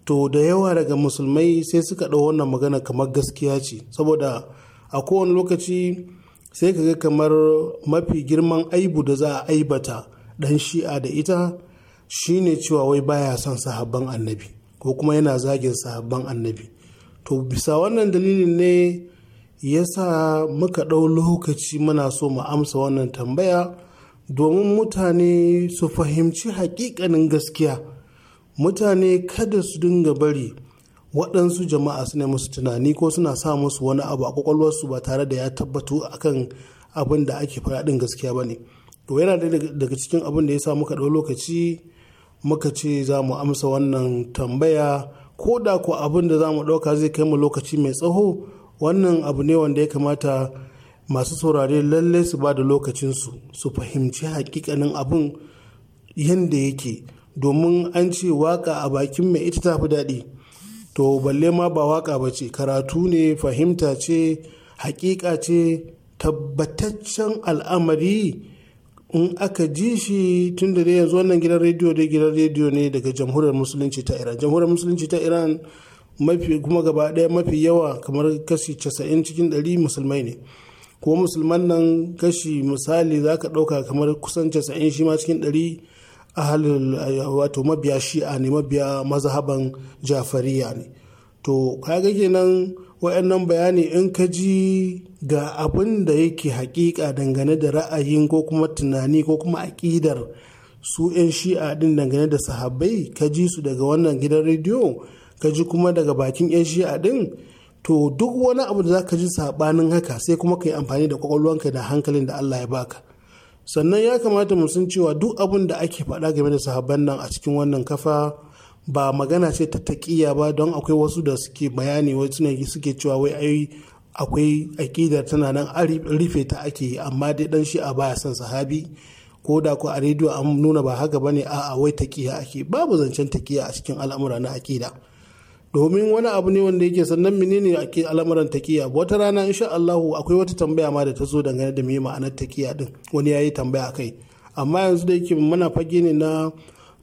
to da yawa daga musulmai sai suka ɗau wannan magana kamar gaskiya ce saboda a kowane lokaci sai ka ga kamar mafi girman aibu da za a aibata ɗan shi'a da ita shi ne cewa wai baya son sahabban annabi ko kuma yana zagin sahabban annabi to bisa wannan dalilin ne ya sa muka ɗau lokaci muna so mu amsa wannan tambaya domin mutane su fahimci hakikanin gaskiya mutane kada su dinga bari waɗansu jama'a suna musu tunani ko suna sa musu wani abu a kwakwalwarsu ba tare da ya tabbatu akan abin da ake faɗin gaskiya ba ne. to yana daga cikin abin da ya sa muka ɗau lokaci muka ce za mu amsa wannan tambaya ko da ko abin da za mu ɗauka zai kai mu lokaci mai tsaho wannan abu ne wanda ya kamata masu saurare lalle su ba da lokacinsu su fahimci hakikanin abin yadda yake domin an ce waka a bakin mai ita ta tafi daɗi to balle ma ba waka ba ce karatu ne fahimta ce hakika ce tabbataccen al'amari in aka ji shi tun da yanzu wannan gidan rediyo dai gidan rediyo ne daga jamhuriyar musulunci ta iran jamhuriyar musulunci ta iran mafi kuma gaba ɗaya mafi yawa kamar kashi 90 cikin 100 musulmai ne ko musulman nan kashi misali za ka ɗauka kamar kusan 90 shi ma cikin 100 halin wato mabiya shi'a ne mabiya mazhaban jafariya ne to kaga kenan wa'annan bayani in ka ji ga abin da yake hakika dangane da ra'ayin ko kuma tunani ko kuma aƙidar su 'yan shi'a din dangane da sahabbai ka ji su daga wannan gidan rediyo ka ji kuma daga bakin 'yan shi'a din to duk wani abu da za ka ji saɓanin haka sai kuma ka yi amfani da kwakwalwanka da hankalin da allah ya baka sannan ya kamata mu san cewa duk abin da ake faɗa game da sahabban nan a cikin wannan kafa ba magana ce ta taƙiya ba don akwai wasu da suke bayani wasu ne suke cewa wai ai akwai aƙidar tana nan a rufe ta ake yi amma dai dan shi a baya son sahabi ko da ko a rediyo an nuna ba haka bane a a wai taƙiya ake babu zancen taƙiya a cikin al'amura na aƙida domin wani abu ne wanda yake sannan menene ake al'amuran taƙiya wata rana insha Allahu akwai wata tambaya ma da ta zo dangane da me ma'anar taƙiya din wani yayi tambaya kai amma yanzu da yake muna fage ne na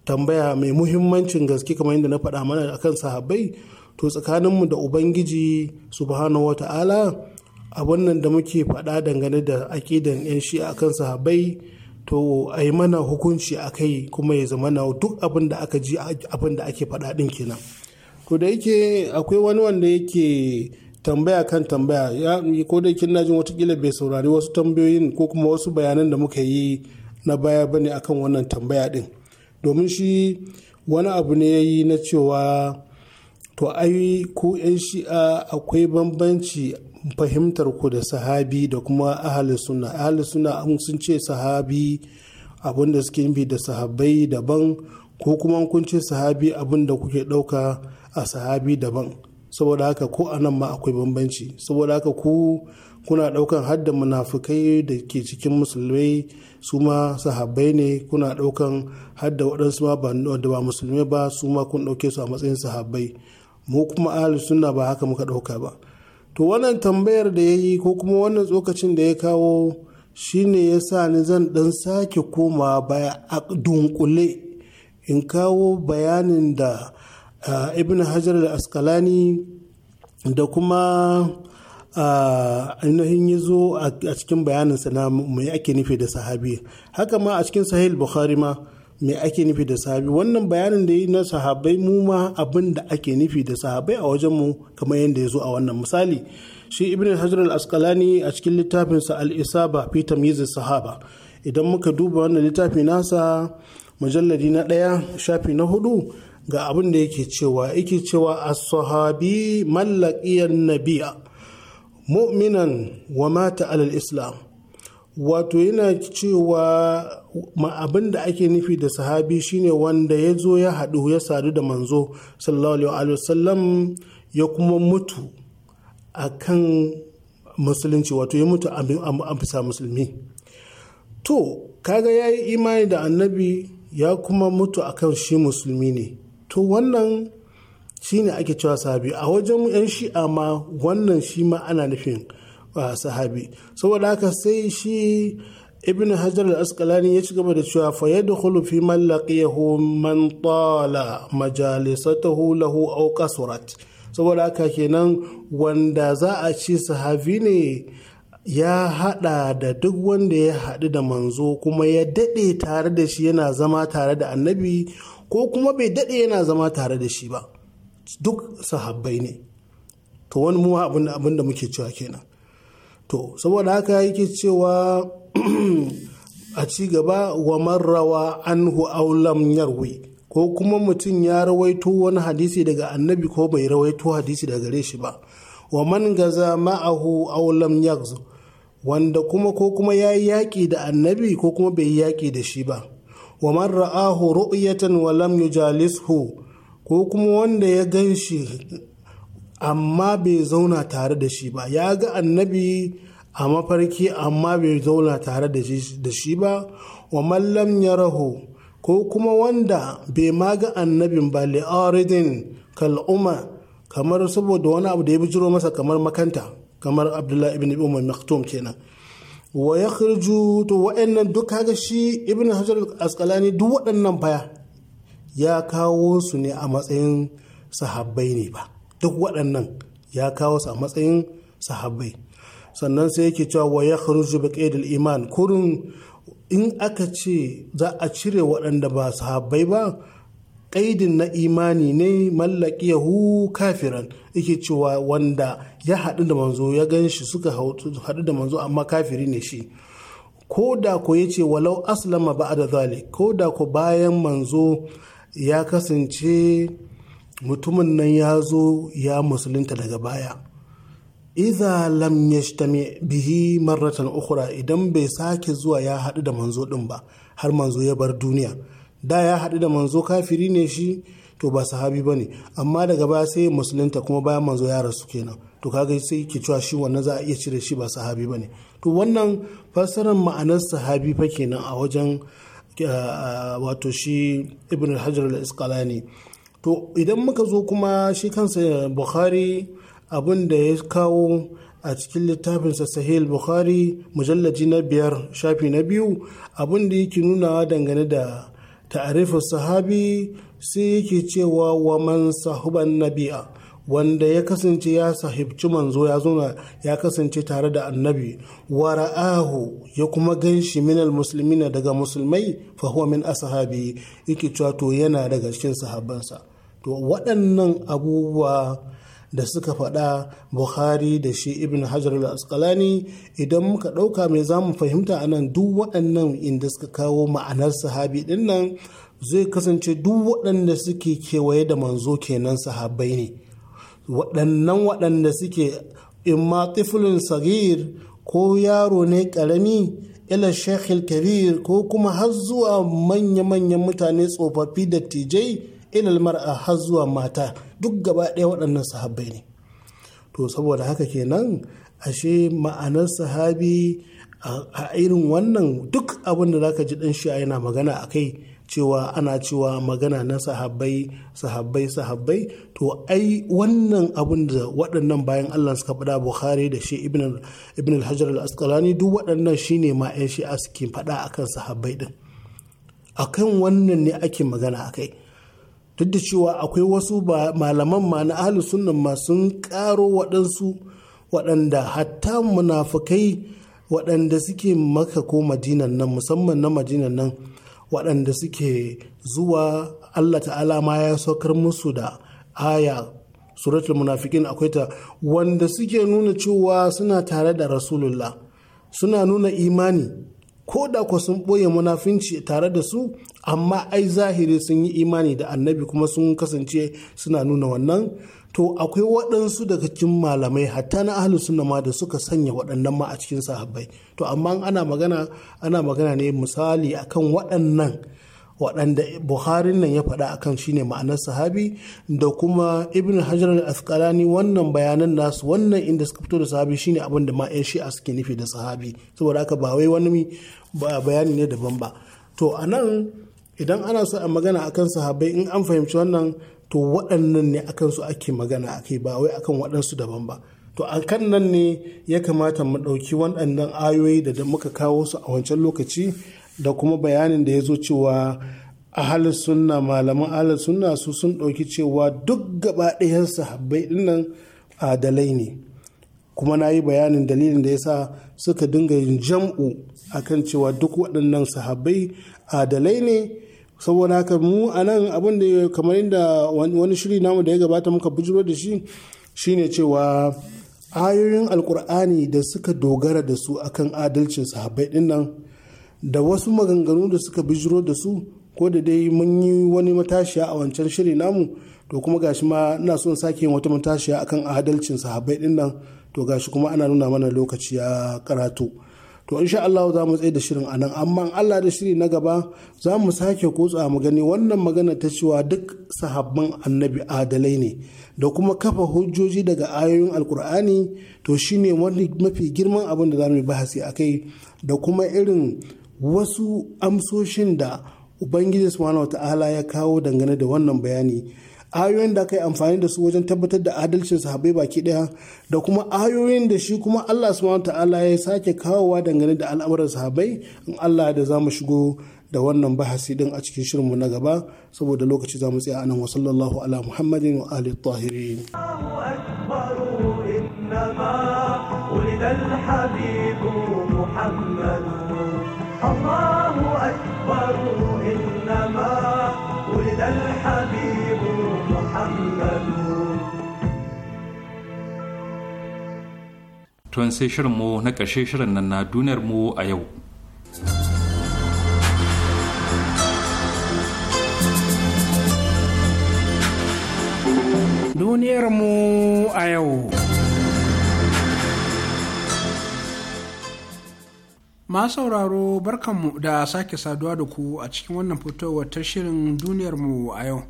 tambaya mai muhimmancin gaske kamar yadda na faɗa mana akan sahabbai to tsakaninmu da ubangiji subhanahu wa ta'ala abun nan da muke faɗa dangane da aƙidan 'yan shi akan sahabbai to a mana hukunci a kai kuma ya zama na duk abin da aka ji abin da ake faɗa ɗin kenan to da yake akwai wani wanda yake tambaya kan tambaya ya ko da yake na jin watakila bai saurari wasu tambayoyin ko kuma wasu bayanan da muka yi na baya bane akan wannan tambaya din. domin shi wani abu ne ya yi na cewa to ai ku 'yan shi'a akwai bambanci fahimtar ku da sahabi da kuma ahali suna ahali suna sun ce sahabi abin da suke bi da sahabbai daban ko kuma kun ce sahabi abin kuke ɗauka a sahabi daban saboda haka ko a nan ma akwai bambanci saboda haka ku kuna ɗaukan hadda munafukai da ke cikin musulmai su ma sahabbai ne kuna ɗaukan hadda waɗansu ma wanda ba musulmai ba su ma kun ɗauke su a matsayin sahabbai mu kuma ahli sunna ba haka muka ɗauka ba to wannan tambayar da ya yi ko kuma wannan tsokacin da ya kawo shine ya sa ni zan ɗan sake koma baya a dunkule in kawo bayanin da ibn hajar da askalani da kuma in yi zo a cikin bayaninsa na mai ake nufi da sahabi haka ma a cikin Sahil bukhari ma mai ake nufi da sahabi wannan bayanin da yi na sahabai mu ma abin da ake nufi da sahabai a wajen mu kamar yadda ya zo a wannan misali shi ibn hajar al-asqalani a cikin littafinsa al-isaba fi tamyiz sahaba idan muka duba wannan littafi nasa mujalladi na ɗaya shafi na hudu ga abin da yake cewa yake cewa as-sahabi mallaqiyan nabiya mu'minan wa mata alal islam wato yana cewa abin da ake nufi da sahabi shine wanda ya zo ya haɗu ya sadu da manzo sallallahu alaihi wasallam ya kuma mutu a kan musulunci wato ya mutu a bisa musulmi to kaga ya yi imani da annabi ya kuma mutu a kan shi musulmi ne to wannan shine ake cewa sahabi a wajen yan shi'a ma wannan shi ma ana nufin sahabi saboda haka sai shi ibn hajar da asqalani ya ci gaba da cewa fa yadkhulu fi man laqiyahu man tala majalisatuhu lahu aw saboda haka kenan wanda za a ci sahabi ne ya hada da duk wanda ya haɗu da manzo kuma ya daɗe tare da shi yana zama tare da annabi ko kuma bai daɗe yana zama tare da shi ba duk sahabbai ne to wani mu abin da muke cewa kenan to saboda haka yake cewa a ci gaba wa marrawa anhu aulam yarwi ko kuma mutum ya rawaito wani hadisi daga annabi ko bai rawaito hadisi daga gare shi ba wa man gaza ma'ahu aulam yagzu wanda kuma ko kuma ya yi yaƙi da annabi ko kuma bai yi yaƙi da shi ba wa man ra'ahu ru'yatan wa lam yujalishu ko kuma wanda ya gan shi amma bai zauna tare da shi ba ya ga annabi a mafarki amma bai zauna tare da shi ba wa mallam ya raho ko kuma wanda bai ma ga annabin ba li'aridin kal'uma kamar saboda wani abu da ya bijiro masa kamar makanta kamar abdullahi ibn umar maktum kenan wa ya to wa'annan duk kaga shi ibn hajar askalani duk waɗannan baya ya kawo su ne a matsayin sahabbai ne ba duk waɗannan ya kawo su a matsayin sahabbai sannan sai yake cewa wa ya kharuju bi iman Kurin in aka ce za a cire waɗanda ba sahabbai ba ƙaidin na imani ne mallaki yahu kafiran yake cewa wanda ya haɗu da manzo ya gan shi suka haɗu da manzo amma kafiri ne shi ko da ko ya ce walau aslama ba da zali ko da ko bayan manzo ya kasance mutumin nan ya zo ya musulunta daga baya iza lam yashtami bihi marratan ukhra idan bai sake zuwa ya haɗu da manzo ɗin ba har manzo ya bar duniya da ya haɗu da manzo kafiri ne shi to ba sahabi ba ne amma daga baya sai musulunta kuma bayan manzo ya rasu kenan to kaga sai ke cewa shi wannan za a iya cire shi ba sahabi ba ne to wannan fassarar ma'anar sahabi fa kenan a wajen Uh, wato shi ibn hajar al-isqalani to idan muka zo kuma shi kansa bukhari abin da ya kawo a cikin littafinsa sahil bukhari mujallaji na biyar shafi na biyu abin da yake nunawa dangane da ta'arifin sahabi sai yake cewa wa man sahuban nabi'a wanda ya kasance ya sahibci manzo ya zo ya kasance tare da annabi wara'ahu ya kuma gan shi minal na daga musulmai fa huwa min ashabi yake cewa to yana daga cikin sahabbansa to waɗannan abubuwa da suka faɗa bukhari da shi ibn hajar al-asqalani idan muka ɗauka mai mu fahimta anan duk waɗannan inda suka kawo ma'anar sahabi ɗin zai kasance duk waɗanda suke kewaye da manzo kenan sahabbai ne waɗannan waɗanda suke imma tiflin sagir ko yaro ne ƙarami ila shekhil kabir ko kuma har zuwa manya-manyan mutane tsofaffi da tijai ilal mar'a har zuwa mata duk gaba ɗaya waɗannan sahabbai ne to saboda haka kenan ashe ma'anar sahabi a irin wannan duk abin da za ka ji ɗan shi yana magana a kai cewa ana cewa magana na sahabbai sahabbai sahabbai to ai wannan abin da waɗannan bayan Allah suka faɗa Bukhari da shi Ibn al-Hajar al-Asqalani duk waɗannan shine ma ƴan shi'a suke faɗa akan sahabbai din akan wannan ne ake magana akai duk da cewa akwai wasu malaman ma na ahlus sunna ma sun karo waɗansu waɗanda hatta munafukai waɗanda suke maka ko madinan nan musamman na madinan nan waɗanda suke zuwa Allah ta'ala ma ya saukar musu da aya suratul munafikin akwai ta wanda suke nuna cewa suna tare da rasulullah suna nuna imani ko da ku sun ɓoye munafinci tare da su amma ai zahiri sun yi imani da annabi kuma sun kasance suna nuna wannan to akwai waɗansu daga cikin malamai hatta na ahlus sunna ma da suka sanya waɗannan ma a cikin sahabbai to amma ana magana ana magana ne misali akan waɗannan waɗanda buhari nan ya faɗa akan shine ma'anar sahabi da kuma ibn hajar al-asqalani wannan bayanan nasu wannan inda suka fito da sahabi shine abin da ma yan a suke nufi da sahabi saboda haka ba wai wani bayani ne daban ba to anan idan ana so a magana akan sahabai in an fahimci wannan to waɗannan ne akan su ake magana a akai ba wai akan waɗansu daban ba to a kan nan ne ya kamata mu ɗauki waɗannan ayoyi da muka kawo su a wancan lokaci da kuma bayanin da ya zo cewa ahalin sunna malaman ahalin sunna su sun ɗauki cewa duk gaba ɗayan sahabbai ɗinnan adalai ne kuma na yi bayanin dalilin da ya sa suka dinga yin jam'u akan cewa duk waɗannan sahabbai adalai ne saboda haka mu a nan abin da kamar inda wani shiri namu da ya gabata muka bujiro da shi shine cewa ayoyin alkur'ani da suka dogara da su akan adalcin sahabbai din nan da wasu maganganu da suka bijiro da su ko da dai mun yi wani matashiya a wancan shiri namu to kuma gashi ma ina son sake yin wata matashiya akan adalcin sahabbai din nan to gashi kuma ana nuna mana lokaci ya karatu to insha Allah za mu tsaye da shirin anan amma Allah da shiri na gaba za mu sake kotsa mu gani wannan magana ta cewa duk sahabban annabi adalai ne da kuma kafa hujjoji daga ayoyin alkur'ani to shine wani mafi girman abin da za mu yi a kai da kuma irin wasu amsoshin da ubangiji subhanahu wata'ala ya kawo dangane da wannan bayani ayoyin da aka yi amfani da su wajen tabbatar da adalcin sahabbai baki daya da kuma ayoyin da shi kuma Allah subhanahu ta'ala ya sake kawowa dangane da al'amuran sahabbai in Allah da za mu shigo da wannan bahasi din a cikin shirinmu na gaba saboda lokaci za mu tsaya anan wa sallallahu ala muhammadin wa ali tahirin Don sai shirinmu na ƙarshe shirin nan na duniyar mu a yau duniyar mu a yau Ma sauraro barkanmu da sake saduwa da ku a cikin wannan fitowar ta shirin duniyarmu a yau.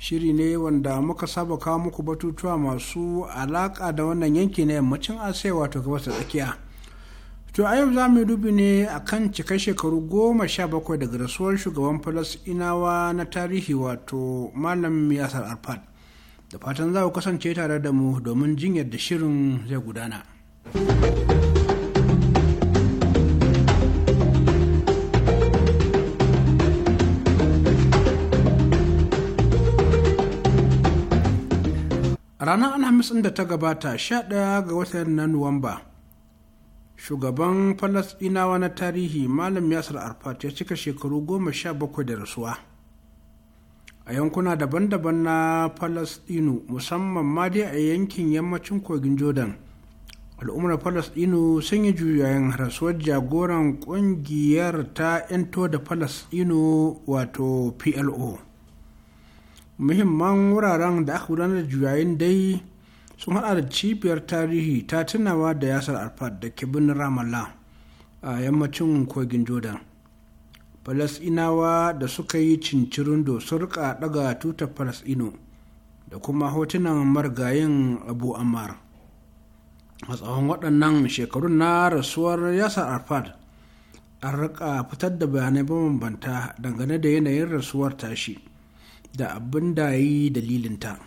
shiri ne wanda muka saba kawo muku batutuwa masu alaƙa da wannan yanki na yammacin asiya wato gabas da tsakiya to a yau za mu dubi ne a kan cika shekaru goma sha bakwai daga rasuwar shugaban inawa na tarihi wato malam yasar arfad da fatan za ku kasance tare da mu domin jin yadda shirin zai gudana. ranar alhamis da ta gabata 11 ga watan na nuwamba shugaban falasɗinawa na tarihi malam yasir arfat ya cika shekaru goma sha bakwai da rasuwa a yankuna daban-daban na falasɗinu musamman ma dai a yankin yammacin kogin jordan al'ummar falasɗinu sun yi juyayen rasuwar jagoran ƙungiyar ta 'yanto da falasɗinu wato plo muhimman wuraren da aka gudanar da juyayin dai sun hada da cibiyar tarihi ta tunawa da yasar arfad da ke birnin ramallah a yammacin kogin jordan falasinawa da suka yi cincirin sun rika daga tuta falasino da kuma hotunan margayin abu ammar a tsawon waɗannan shekarun na rasuwar yasar arfad an rika fitar da bayanai mabambanta dangane da yanayin rasuwar tashi da abin da ya yi dalilinta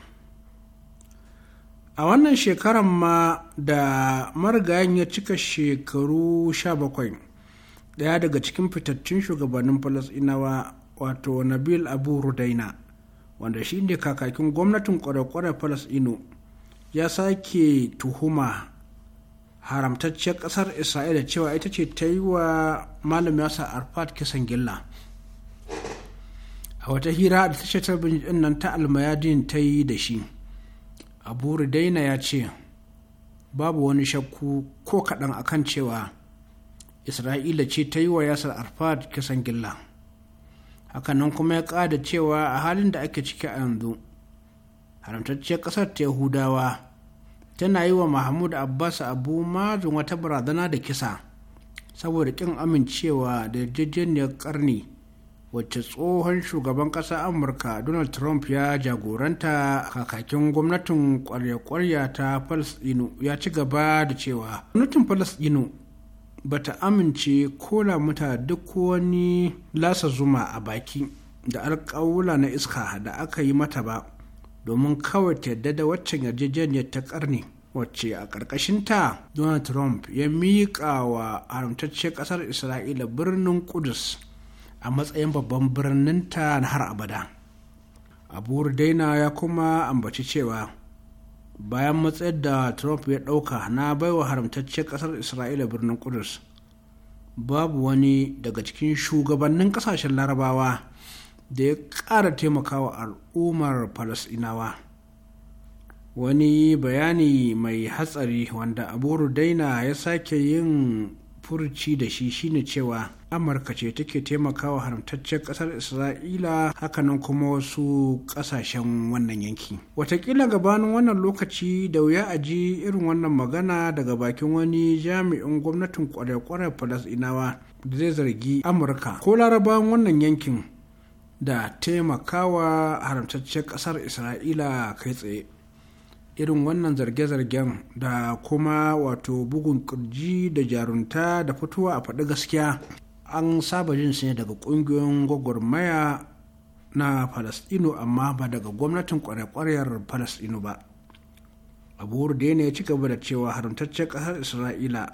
a wannan shekarar ma da marigayin ya cika shekaru 17 daya daga cikin fitattun shugabannin falasinawa wato nabil abu rudaina wanda shi ne kakakin gwamnatin kwarekwarar falasino ya sake tuhuma haramtacciyar ƙasar isra'ila cewa ita ce ta yi wa malam yasa arfad kisan gilla a wata hira da tashar talabijin din nan ta almayadin ta yi da shi abu daina ya ce babu wani shakku ko kaɗan akan cewa isra'ila ce ta yi wa yasar arfad kisan gilla hakanan kuma ya ƙada cewa a halin da ake ciki a yanzu haramtacciyar ƙasar ta yahudawa tana yi wa mahmud abbas abu mazin wata barazana da kisa saboda ƙin amincewa da yarjejeniyar ƙarni wacce tsohon shugaban ƙasa amurka donald trump ya jagoranta kakakin gwamnatin kwarya-kwarya ta palestino ya ci gaba da cewa gwamnatin palestino ba ta amince kola mata duk wani lasa zuma a baki da alƙawula na iska da aka yi mata ba domin kawai ta yadda da waccan yarjejeniyar ta ƙarni wacce a ta? donald trump ya miƙa wa haramtacciyar ƙasar isra'ila birnin kudus a matsayin babban birninta na har abada abu daina ya kuma ambaci cewa bayan matsayar da trump ya ɗauka na baiwa haramtaccen ƙasar isra'ila birnin kudus babu wani daga cikin shugabannin ƙasashen larabawa da ya ƙara taimakawa al'ummar falasinawa wani bayani mai hatsari wanda abu daina ya sake yin furci da shi shine cewa amurka ce take taimakawa haramtaccen kasar isra'ila hakanan kuma wasu kasashen wannan yanki watakila gabanin wannan lokaci da wuya a ji irin wannan magana daga bakin wani jami'in gwamnatin ƙware kware falasinawa da zai zargi amurka ko larabawan wannan yankin da taimakawa haramtaccen kasar isra'ila kai tsaye irin wannan zarge-zargen da kuma wato bugun kirji da jarunta da fitowa a faɗi gaskiya an saba jin ne daga ƙungiyoyin gwagwarmaya na falasɗinu amma ba daga gwamnatin kwarekwaryar falasɗinu ba abu ne ya ci gaba da cewa haramtaccen ƙasar isra'ila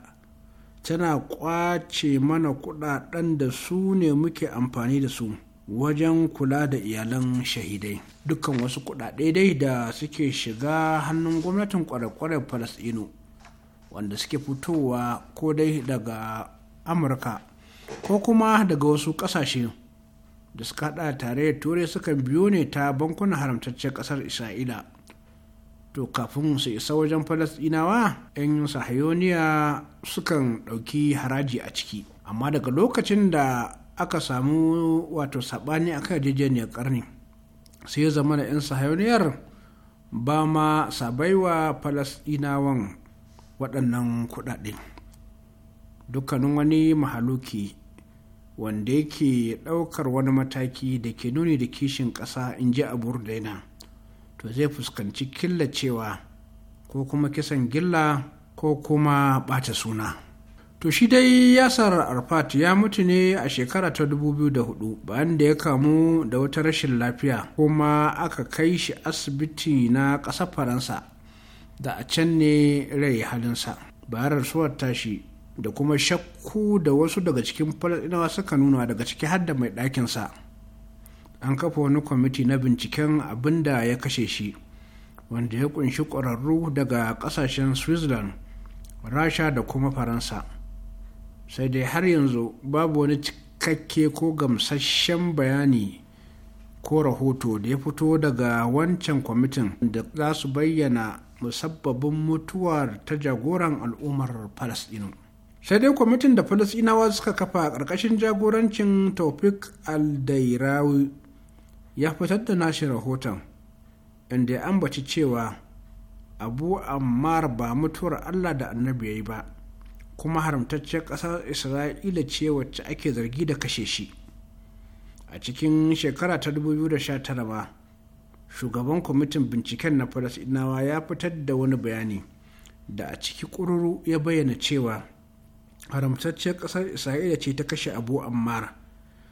tana kwace mana kuɗaɗen da su ne muke amfani da su wajen kula da iyalan shahidai dukkan wasu kudade dai da suke shiga hannun gwamnatin kware kwarar wanda suke fitowa ko dai daga amurka ko kuma daga wasu kasashe da suka hada tare da turai sukan biyo ne ta bankunan haramtaccen kasar isra'ila to kafin su isa wajen falasdinawa 'yan sahayoniya sukan ɗauki haraji a ciki amma daga lokacin da aka samu wato saɓani a kan yarjejeniyar ƙarni sai ya zama da 'yan sahayoniyar ba ma sabaiwa falasɗinawan waɗannan kuɗaɗe dukkanin wani mahaluki wanda yake ɗaukar wani mataki da ke nuni da kishin ƙasa in ji a burdaina to zai fuskanci killacewa ko kuma kisan gilla ko kuma ɓata suna. to shi dai yasar arfat ya mutu ne a shekara ta 2004 bayan da ya kamu da wata rashin lafiya kuma aka kai shi asibiti na ƙasar faransa da a can ne rai halinsa bayan rasuwar tashi da kuma shakku da wasu daga cikin falasɗinawa suka nuna daga ciki har da mai ɗakinsa an kafa wani kwamiti na binciken abin da ya kashe shi wanda ya kunshi ƙwararru daga ƙasashen switzerland rasha da kuma faransa sai dai har yanzu babu wani cikakke ko gamsasshen bayani ko rahoto da ya fito daga wancan kwamitin da za su bayyana musabbabin mutuwar ta jagoran al'ummar falasɗinu sai dai kwamitin da falasɗinawa suka kafa a ƙarƙashin jagorancin taufik aldairawi ya fitar da nashi rahoton inda ya ambaci cewa abu ammar ba mutuwar allah da annabi ya yi ba kuma haramtacciyar ƙasar isra'ila ce wacce ake zargi da kashe shi a cikin shekara ta 2019 ba shugaban kwamitin binciken na falasɗinawa ya fitar da wani bayani da a ciki ƙururu ya bayyana cewa haramtacciyar ƙasar isra'ila ce ta kashe abu ammar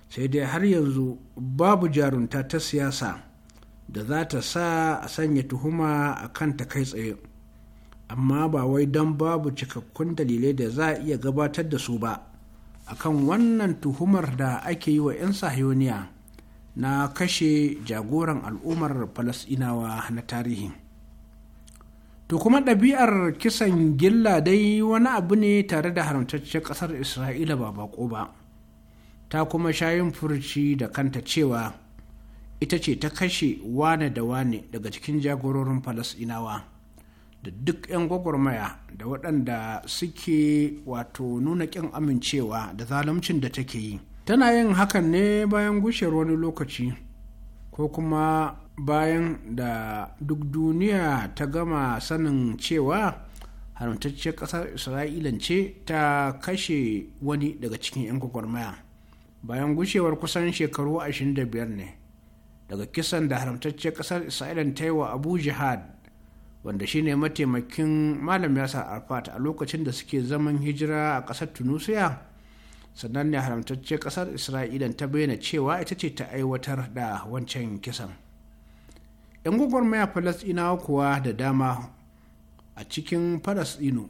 sai dai har yanzu babu jarunta ta siyasa da za ta sa a sanya tuhuma a ta kai tsaye amma ba wai don babu cikakkun dalilai da za a iya gabatar da su ba akan wannan tuhumar da ake yi wa 'yan sahiyoniya na kashe jagoran al'ummar falasinawa na tarihi to kuma ɗabi'ar kisan gilla dai wani abu ne tare da haramtaccen ƙasar isra'ila ba bako ba ta kuma shayin furci da kanta cewa ita ce ta kashe wane da wane daga cikin jagororin falasinawa da duk 'yan gwagwarmaya da waɗanda suke wato nuna ƙin amincewa da zaluncin da take yi tana yin hakan ne bayan gushewar wani lokaci ko kuma bayan da duk duniya ta gama sanin cewa haramtacciyar ƙasar isra'ilan ce ta kashe wani daga cikin 'yan gwagwarmaya bayan gushewar kusan shekaru 25 ne daga kisan da haramtacciyar ƙasar isra'ilan ta yi wa abu jihad wanda shine mataimakin malam yasa arfat a lokacin da suke zaman hijira a ƙasar tunusiya sannan ne haramtacce ƙasar isra'ila ta bayyana cewa ita ce ta aiwatar da wancan kisan yan gwagwarmaya falasɗinawa kuwa da dama a cikin falasɗinu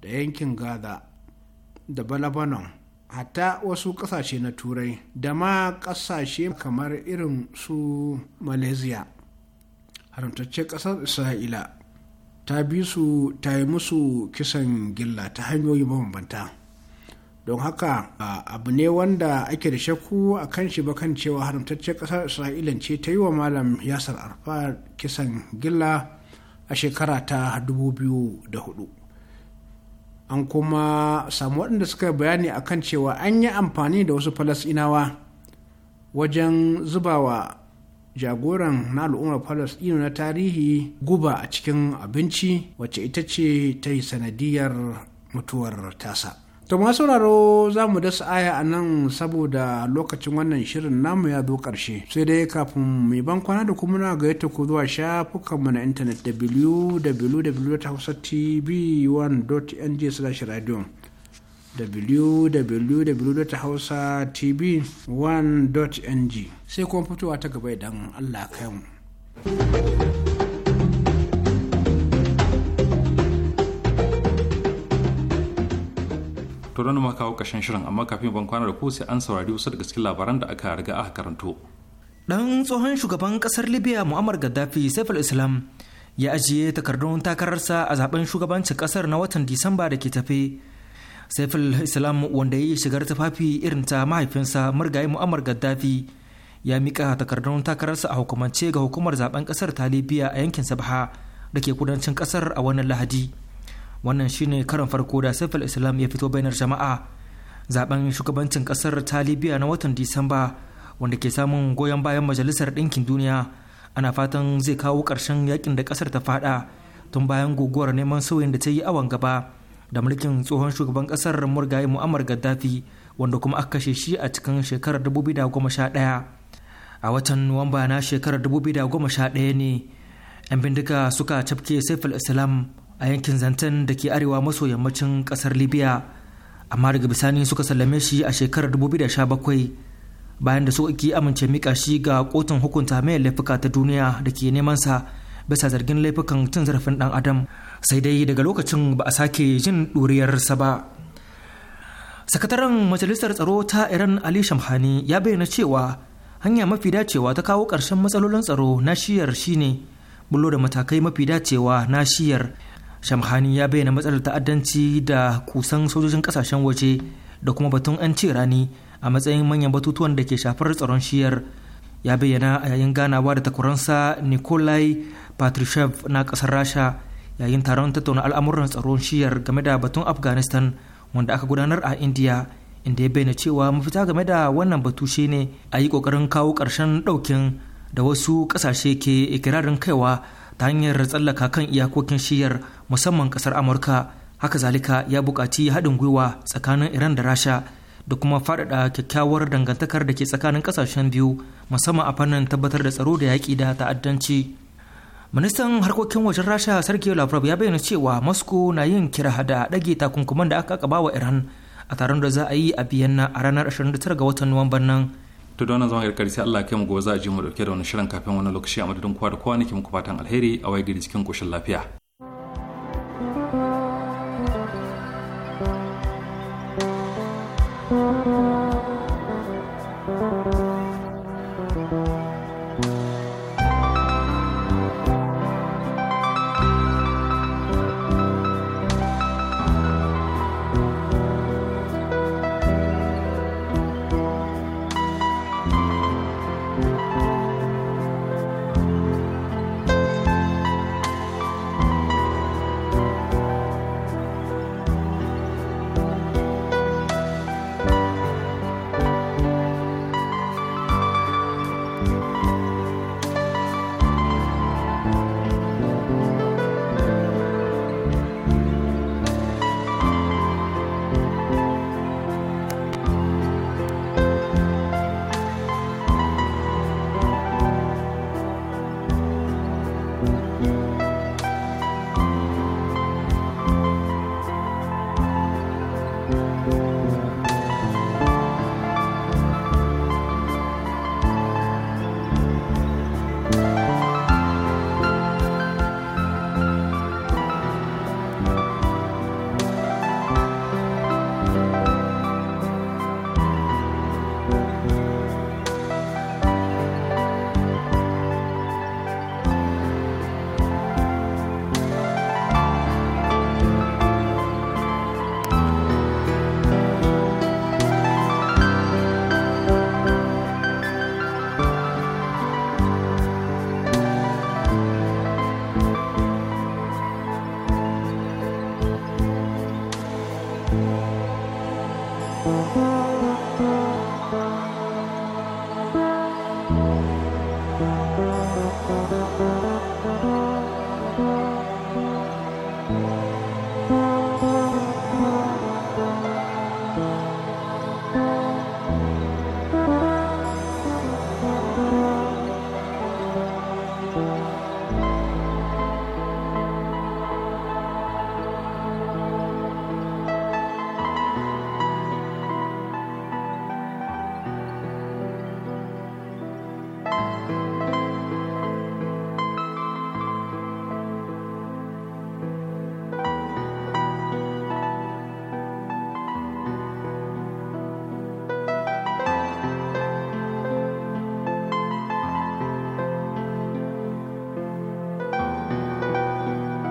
da yankin gaza da balabanon hatta wasu ƙasashe na turai da ma ƙasashe kamar irin su malaysia haramtacce ƙasar isra'ila ta bi su ta yi musu kisan gilla ta hanyoyi mabambanta don haka abu ne wanda ake da shakku a kan shi bakan cewa haramtacciyar ƙasar isra'ila ce ta yi wa malam yasar arfa kisan gilla a shekara ta 2004 an kuma samu waɗanda suka bayani a kan cewa an yi amfani da wasu falasinawa wajen zubawa jagoran na al'ummar palestino na tarihi guba a cikin abinci wacce ita ce ta yi sanadiyar mutuwar tasa to masu sauraro za mu dasa aya a nan saboda lokacin wannan shirin namu ya zo karshe sai dai kafin mai ban kwana da kuma na gayyata ku zuwa shafukanmu na intanet www.hausatv1.ng/radio www.hausatv1.ng sai kuma fitowa ta gaba idan allah kai mu. turan ma kawo kashin shirin amma kafin ban kwana da ku an saurari wasu daga cikin labaran da aka riga aka karanto dan tsohon shugaban kasar libya muammar gaddafi saiful islam ya ajiye takardun takararsa a zaben shugabancin kasar na watan disamba da ke tafe saiful islam wanda ya yi shigar tufafi irin ta mahaifinsa margayi mu'ammar gaddafi ya mika takardun takararsa a hukumance ga hukumar zaben ƙasar talibiya a yankin sabha da ke kudancin ƙasar a wannan lahadi wannan shine karin farko da saiful islam ya fito bainar jama'a zaben shugabancin ƙasar ta na watan disamba wanda ke samun goyon bayan majalisar ɗinkin duniya ana fatan zai kawo ƙarshen yakin da kasar ta faɗa tun bayan guguwar neman sauyin da ta yi awan gaba da mulkin tsohon shugaban kasar murgaye mu'ammar gaddafi wanda kuma aka kashe shi a cikin shekarar 2011 a watan nuwamba na shekarar 2011 ne 'yan bindiga suka cafke saiful islam a yankin zantan da ke arewa maso yammacin kasar libya amma daga bisani suka sallame shi a shekarar 2017 bayan da su ki amince mika shi ga kotun hukunta mai laifuka ta duniya da ke neman sa bisa zargin laifukan cin zarafin dan adam sai dai daga lokacin ba a sake jin ɗuriyarsa ba sakataren majalisar tsaro ta iran ali shamhani ya bayyana cewa hanya mafi dacewa ta kawo ƙarshen matsalolin tsaro na shiyar shine bullo da matakai mafi dacewa na shiyar shamhani ya bayyana matsalar ta'addanci da kusan sojojin kasashen waje da kuma batun 'yanci rani a matsayin manyan batutuwan da ke shafar tsaron shiyar ya bayyana a yayin ganawa da takwaransa nikolai patrushev na ƙasar rasha yayin taron tattauna al'amuran tsaron shiyar game da batun afghanistan wanda aka gudanar a india inda ya bayyana cewa mafita game da wannan batu ne a yi kokarin kawo ƙarshen ɗaukin da wasu ƙasashe ke ikirarin kaiwa ta hanyar tsallaka kan iyakokin shiyar musamman ƙasar amurka haka zalika ya buƙaci haɗin gwiwa tsakanin iran da rasha da kuma faɗaɗa kyakkyawar dangantakar da ke tsakanin ƙasashen biyu musamman a fannin tabbatar da tsaro da yaƙi da ta'addanci ministan harkokin wajen rasha sarki lavrov ya bayyana cewa moscow na yin kira da ɗage takunkuman da aka kaba wa iran a taron da za a yi a Vienna a ranar 29 ga watan nuwamban nan to da wannan zama karkari sai Allah kai mu gobe za a ji mu dauke da wani shirin kafin wani lokaci a madadin kowa da kowa nake muku fatan alheri a waye gari cikin koshin lafiya